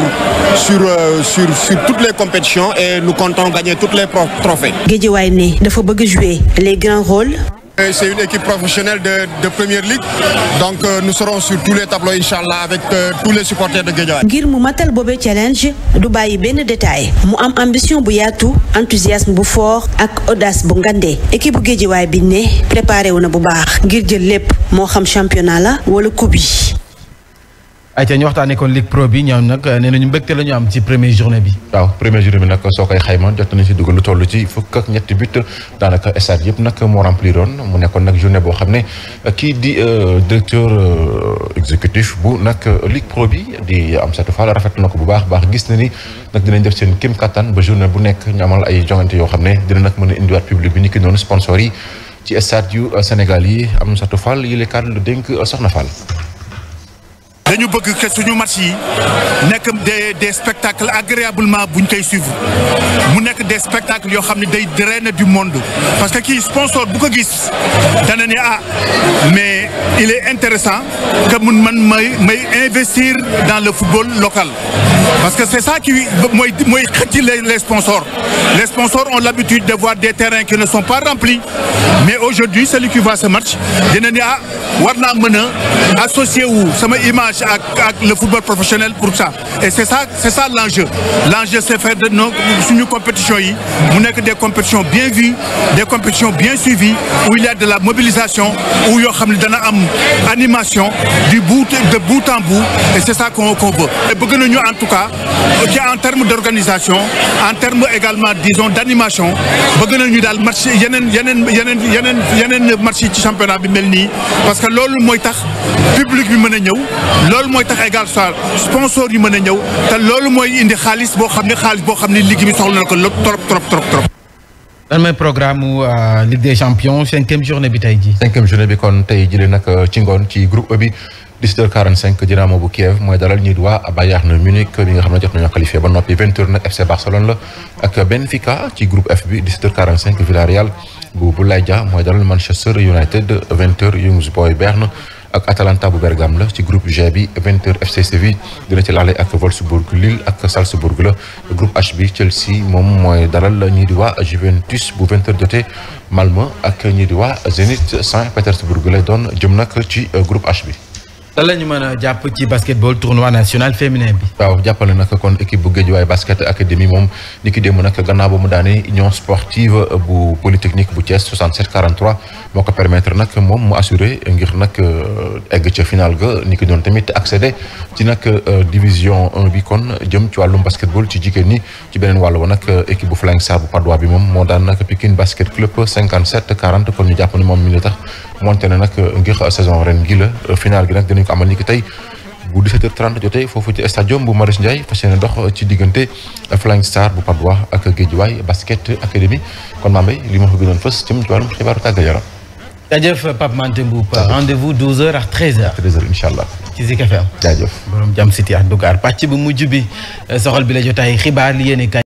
Speaker 2: sur euh, sur sur toutes les compétitions et nous comptons gagner toutes les trophées.
Speaker 4: Guédiawaye ne dafa bëgg jouer les grands rôles.
Speaker 2: Euh, c'est une équipe professionnelle de, de première ligue donc euh, nous serons sur tous les tableaux incha allah avec euh, tous les supporters de Guédiawaye.
Speaker 4: ngir mu matal boobee challenge du bàyyi benn détail mu am ambition bu yaatu enthousiasme bu fort ak audace bu ngande équipe bu Guédiawaye bi ne préparé wu na bu baax ngir jël lépp moo xam championnat la wala coupe
Speaker 3: ayca ñu waxtaanee ko Ligue Pro bi ñoom nag euh, nee nañu mbégte la ñu am ci première journée bi.
Speaker 9: waaw première journée bi nag soo koy xayma jot nañu si dugal lu toll ci fukk ak ñetti but daanaka stade yëpp nag moo remplir doon mu nekkoon nag journée boo xam ne euh, kii di euh, directeur exécutif bu nag Ligue Pro di Amsatou Fall rafetlu na ko bu baax a baax gis na ni nag dinañ def seen kéem kattan ba journée bu nekk ñu amal ay joŋante yoo xam ne dina nag mën a indiwaat public bi ni ki noonu sponsor yi ci stade yu Sénégal yi Amsatou Fall yi la kàddu la dénk Soxna Fall.
Speaker 2: dañu bëgg que suñu match yi nekk des des spectacles agréablement buñ koy suivre mu nekk des spectacles yoo xam ne day drainer du monde parce que kii sponsor bu ko gis dana ne ah mais il est intéressant que mun man may may investir dans le football local parce que c'est ça qui mooy mooy xëcc les sponsors les sponsors ont l'habitude de voir des terrains qui ne sont pas remplis mais aujourd'hui celui qui voit ce match dina ne ah war naa mën a associer wu sama image l'image ak le football professionnel pour ça et c'est ça c'est ça l'enjeu l'enjeu c'est faire de nos suñu compétition yi mu nekk des compétitions bien vues des compétitions bien suivies où il y a de la mobilisation où yoo xam ne dana am animation du bout de bout et c'est ça qu'on qu'on veut et bëgg nañu en tout cas ci en termes d'organisation en termes également disons d'animation bëgg nañu daal match yeneen yenen yeneen yeneen yeneen match yi ci championnat bi mel nii parce que loolu mooy tax public bi mën a ñëw loolu mooy tax égal soir sponsor yu mën a ñëw te loolu mooy indi xaalis boo xam ne xaalis boo xam ne ligue bi soxla na ko lépp trop trop trop trop. lan
Speaker 3: mooy
Speaker 9: programme mu euh, Ligue des Champions cinquième journée bi tey jii. cinquième journée bi kon tey jii nag euh, ci ngoon ci groupe E bi 17h45 Dynamo bu Kiev mooy dalal ñi di waa Bayern Munich bi nga xam ne jot nañoo qualifié ba noppi 20h nag FC Barcelone la ak Benfica ci groupe F bi 17h45 Villarreal bu Boulaye Dia mooy dalal Manchester United 20h Young Boys Berne. ak Atalanta bu Bergame la ci groupe G bi vingt heures FC Séville dina ci laale ak Wolfsburg Lille ak Salzbourg la groupe H bi Chelsea moom mooy dalal ñii di wa Juventus bu vingt heures jotee Malmö ak ñii di waa Zenit Saint-Pétersbourg lay doon jëm nag ci groupe H bi. lan la mën a jàpp ci basketball tournoi national féminin bi. waaw jàppale nag kon équipe bu Guédiawaye basket académie moom ni ki démb nag gannaaw ba mu daanee union sportive bu polytechnique bu Thiès 67 43 moo ko permettre nag moom mu assuré ngir nag euh, egg ca final ga ni ki doon tamit accédé ci nag euh, division 1 bi kon jëm ci wàllum basketball ci jigéen ñi ci beneen wàll ba nag euh, équipe bu Flying Star bu Padois bi moom moo daan nag Pikine basket club 57 40 kon ñu jàpp moom mi moonte ne nag euh, ngir euh, saison ren gi la euh, final gi nag dinañ ko amal ni ki tey bu 17 h foofu ci stadium bu Marius Ndiaye fas yéene dox ci diggante Flying Star bu Patte ak Guédiawaye Basket Academy kon maa mbay li ma fa gënoon fës ci wàllum xibaaru tàggat yaram.
Speaker 3: jaajëf Pape Mante jam city ak Dugar pàcc bu mujj bi soxal bi la jotaay xibaar li yéen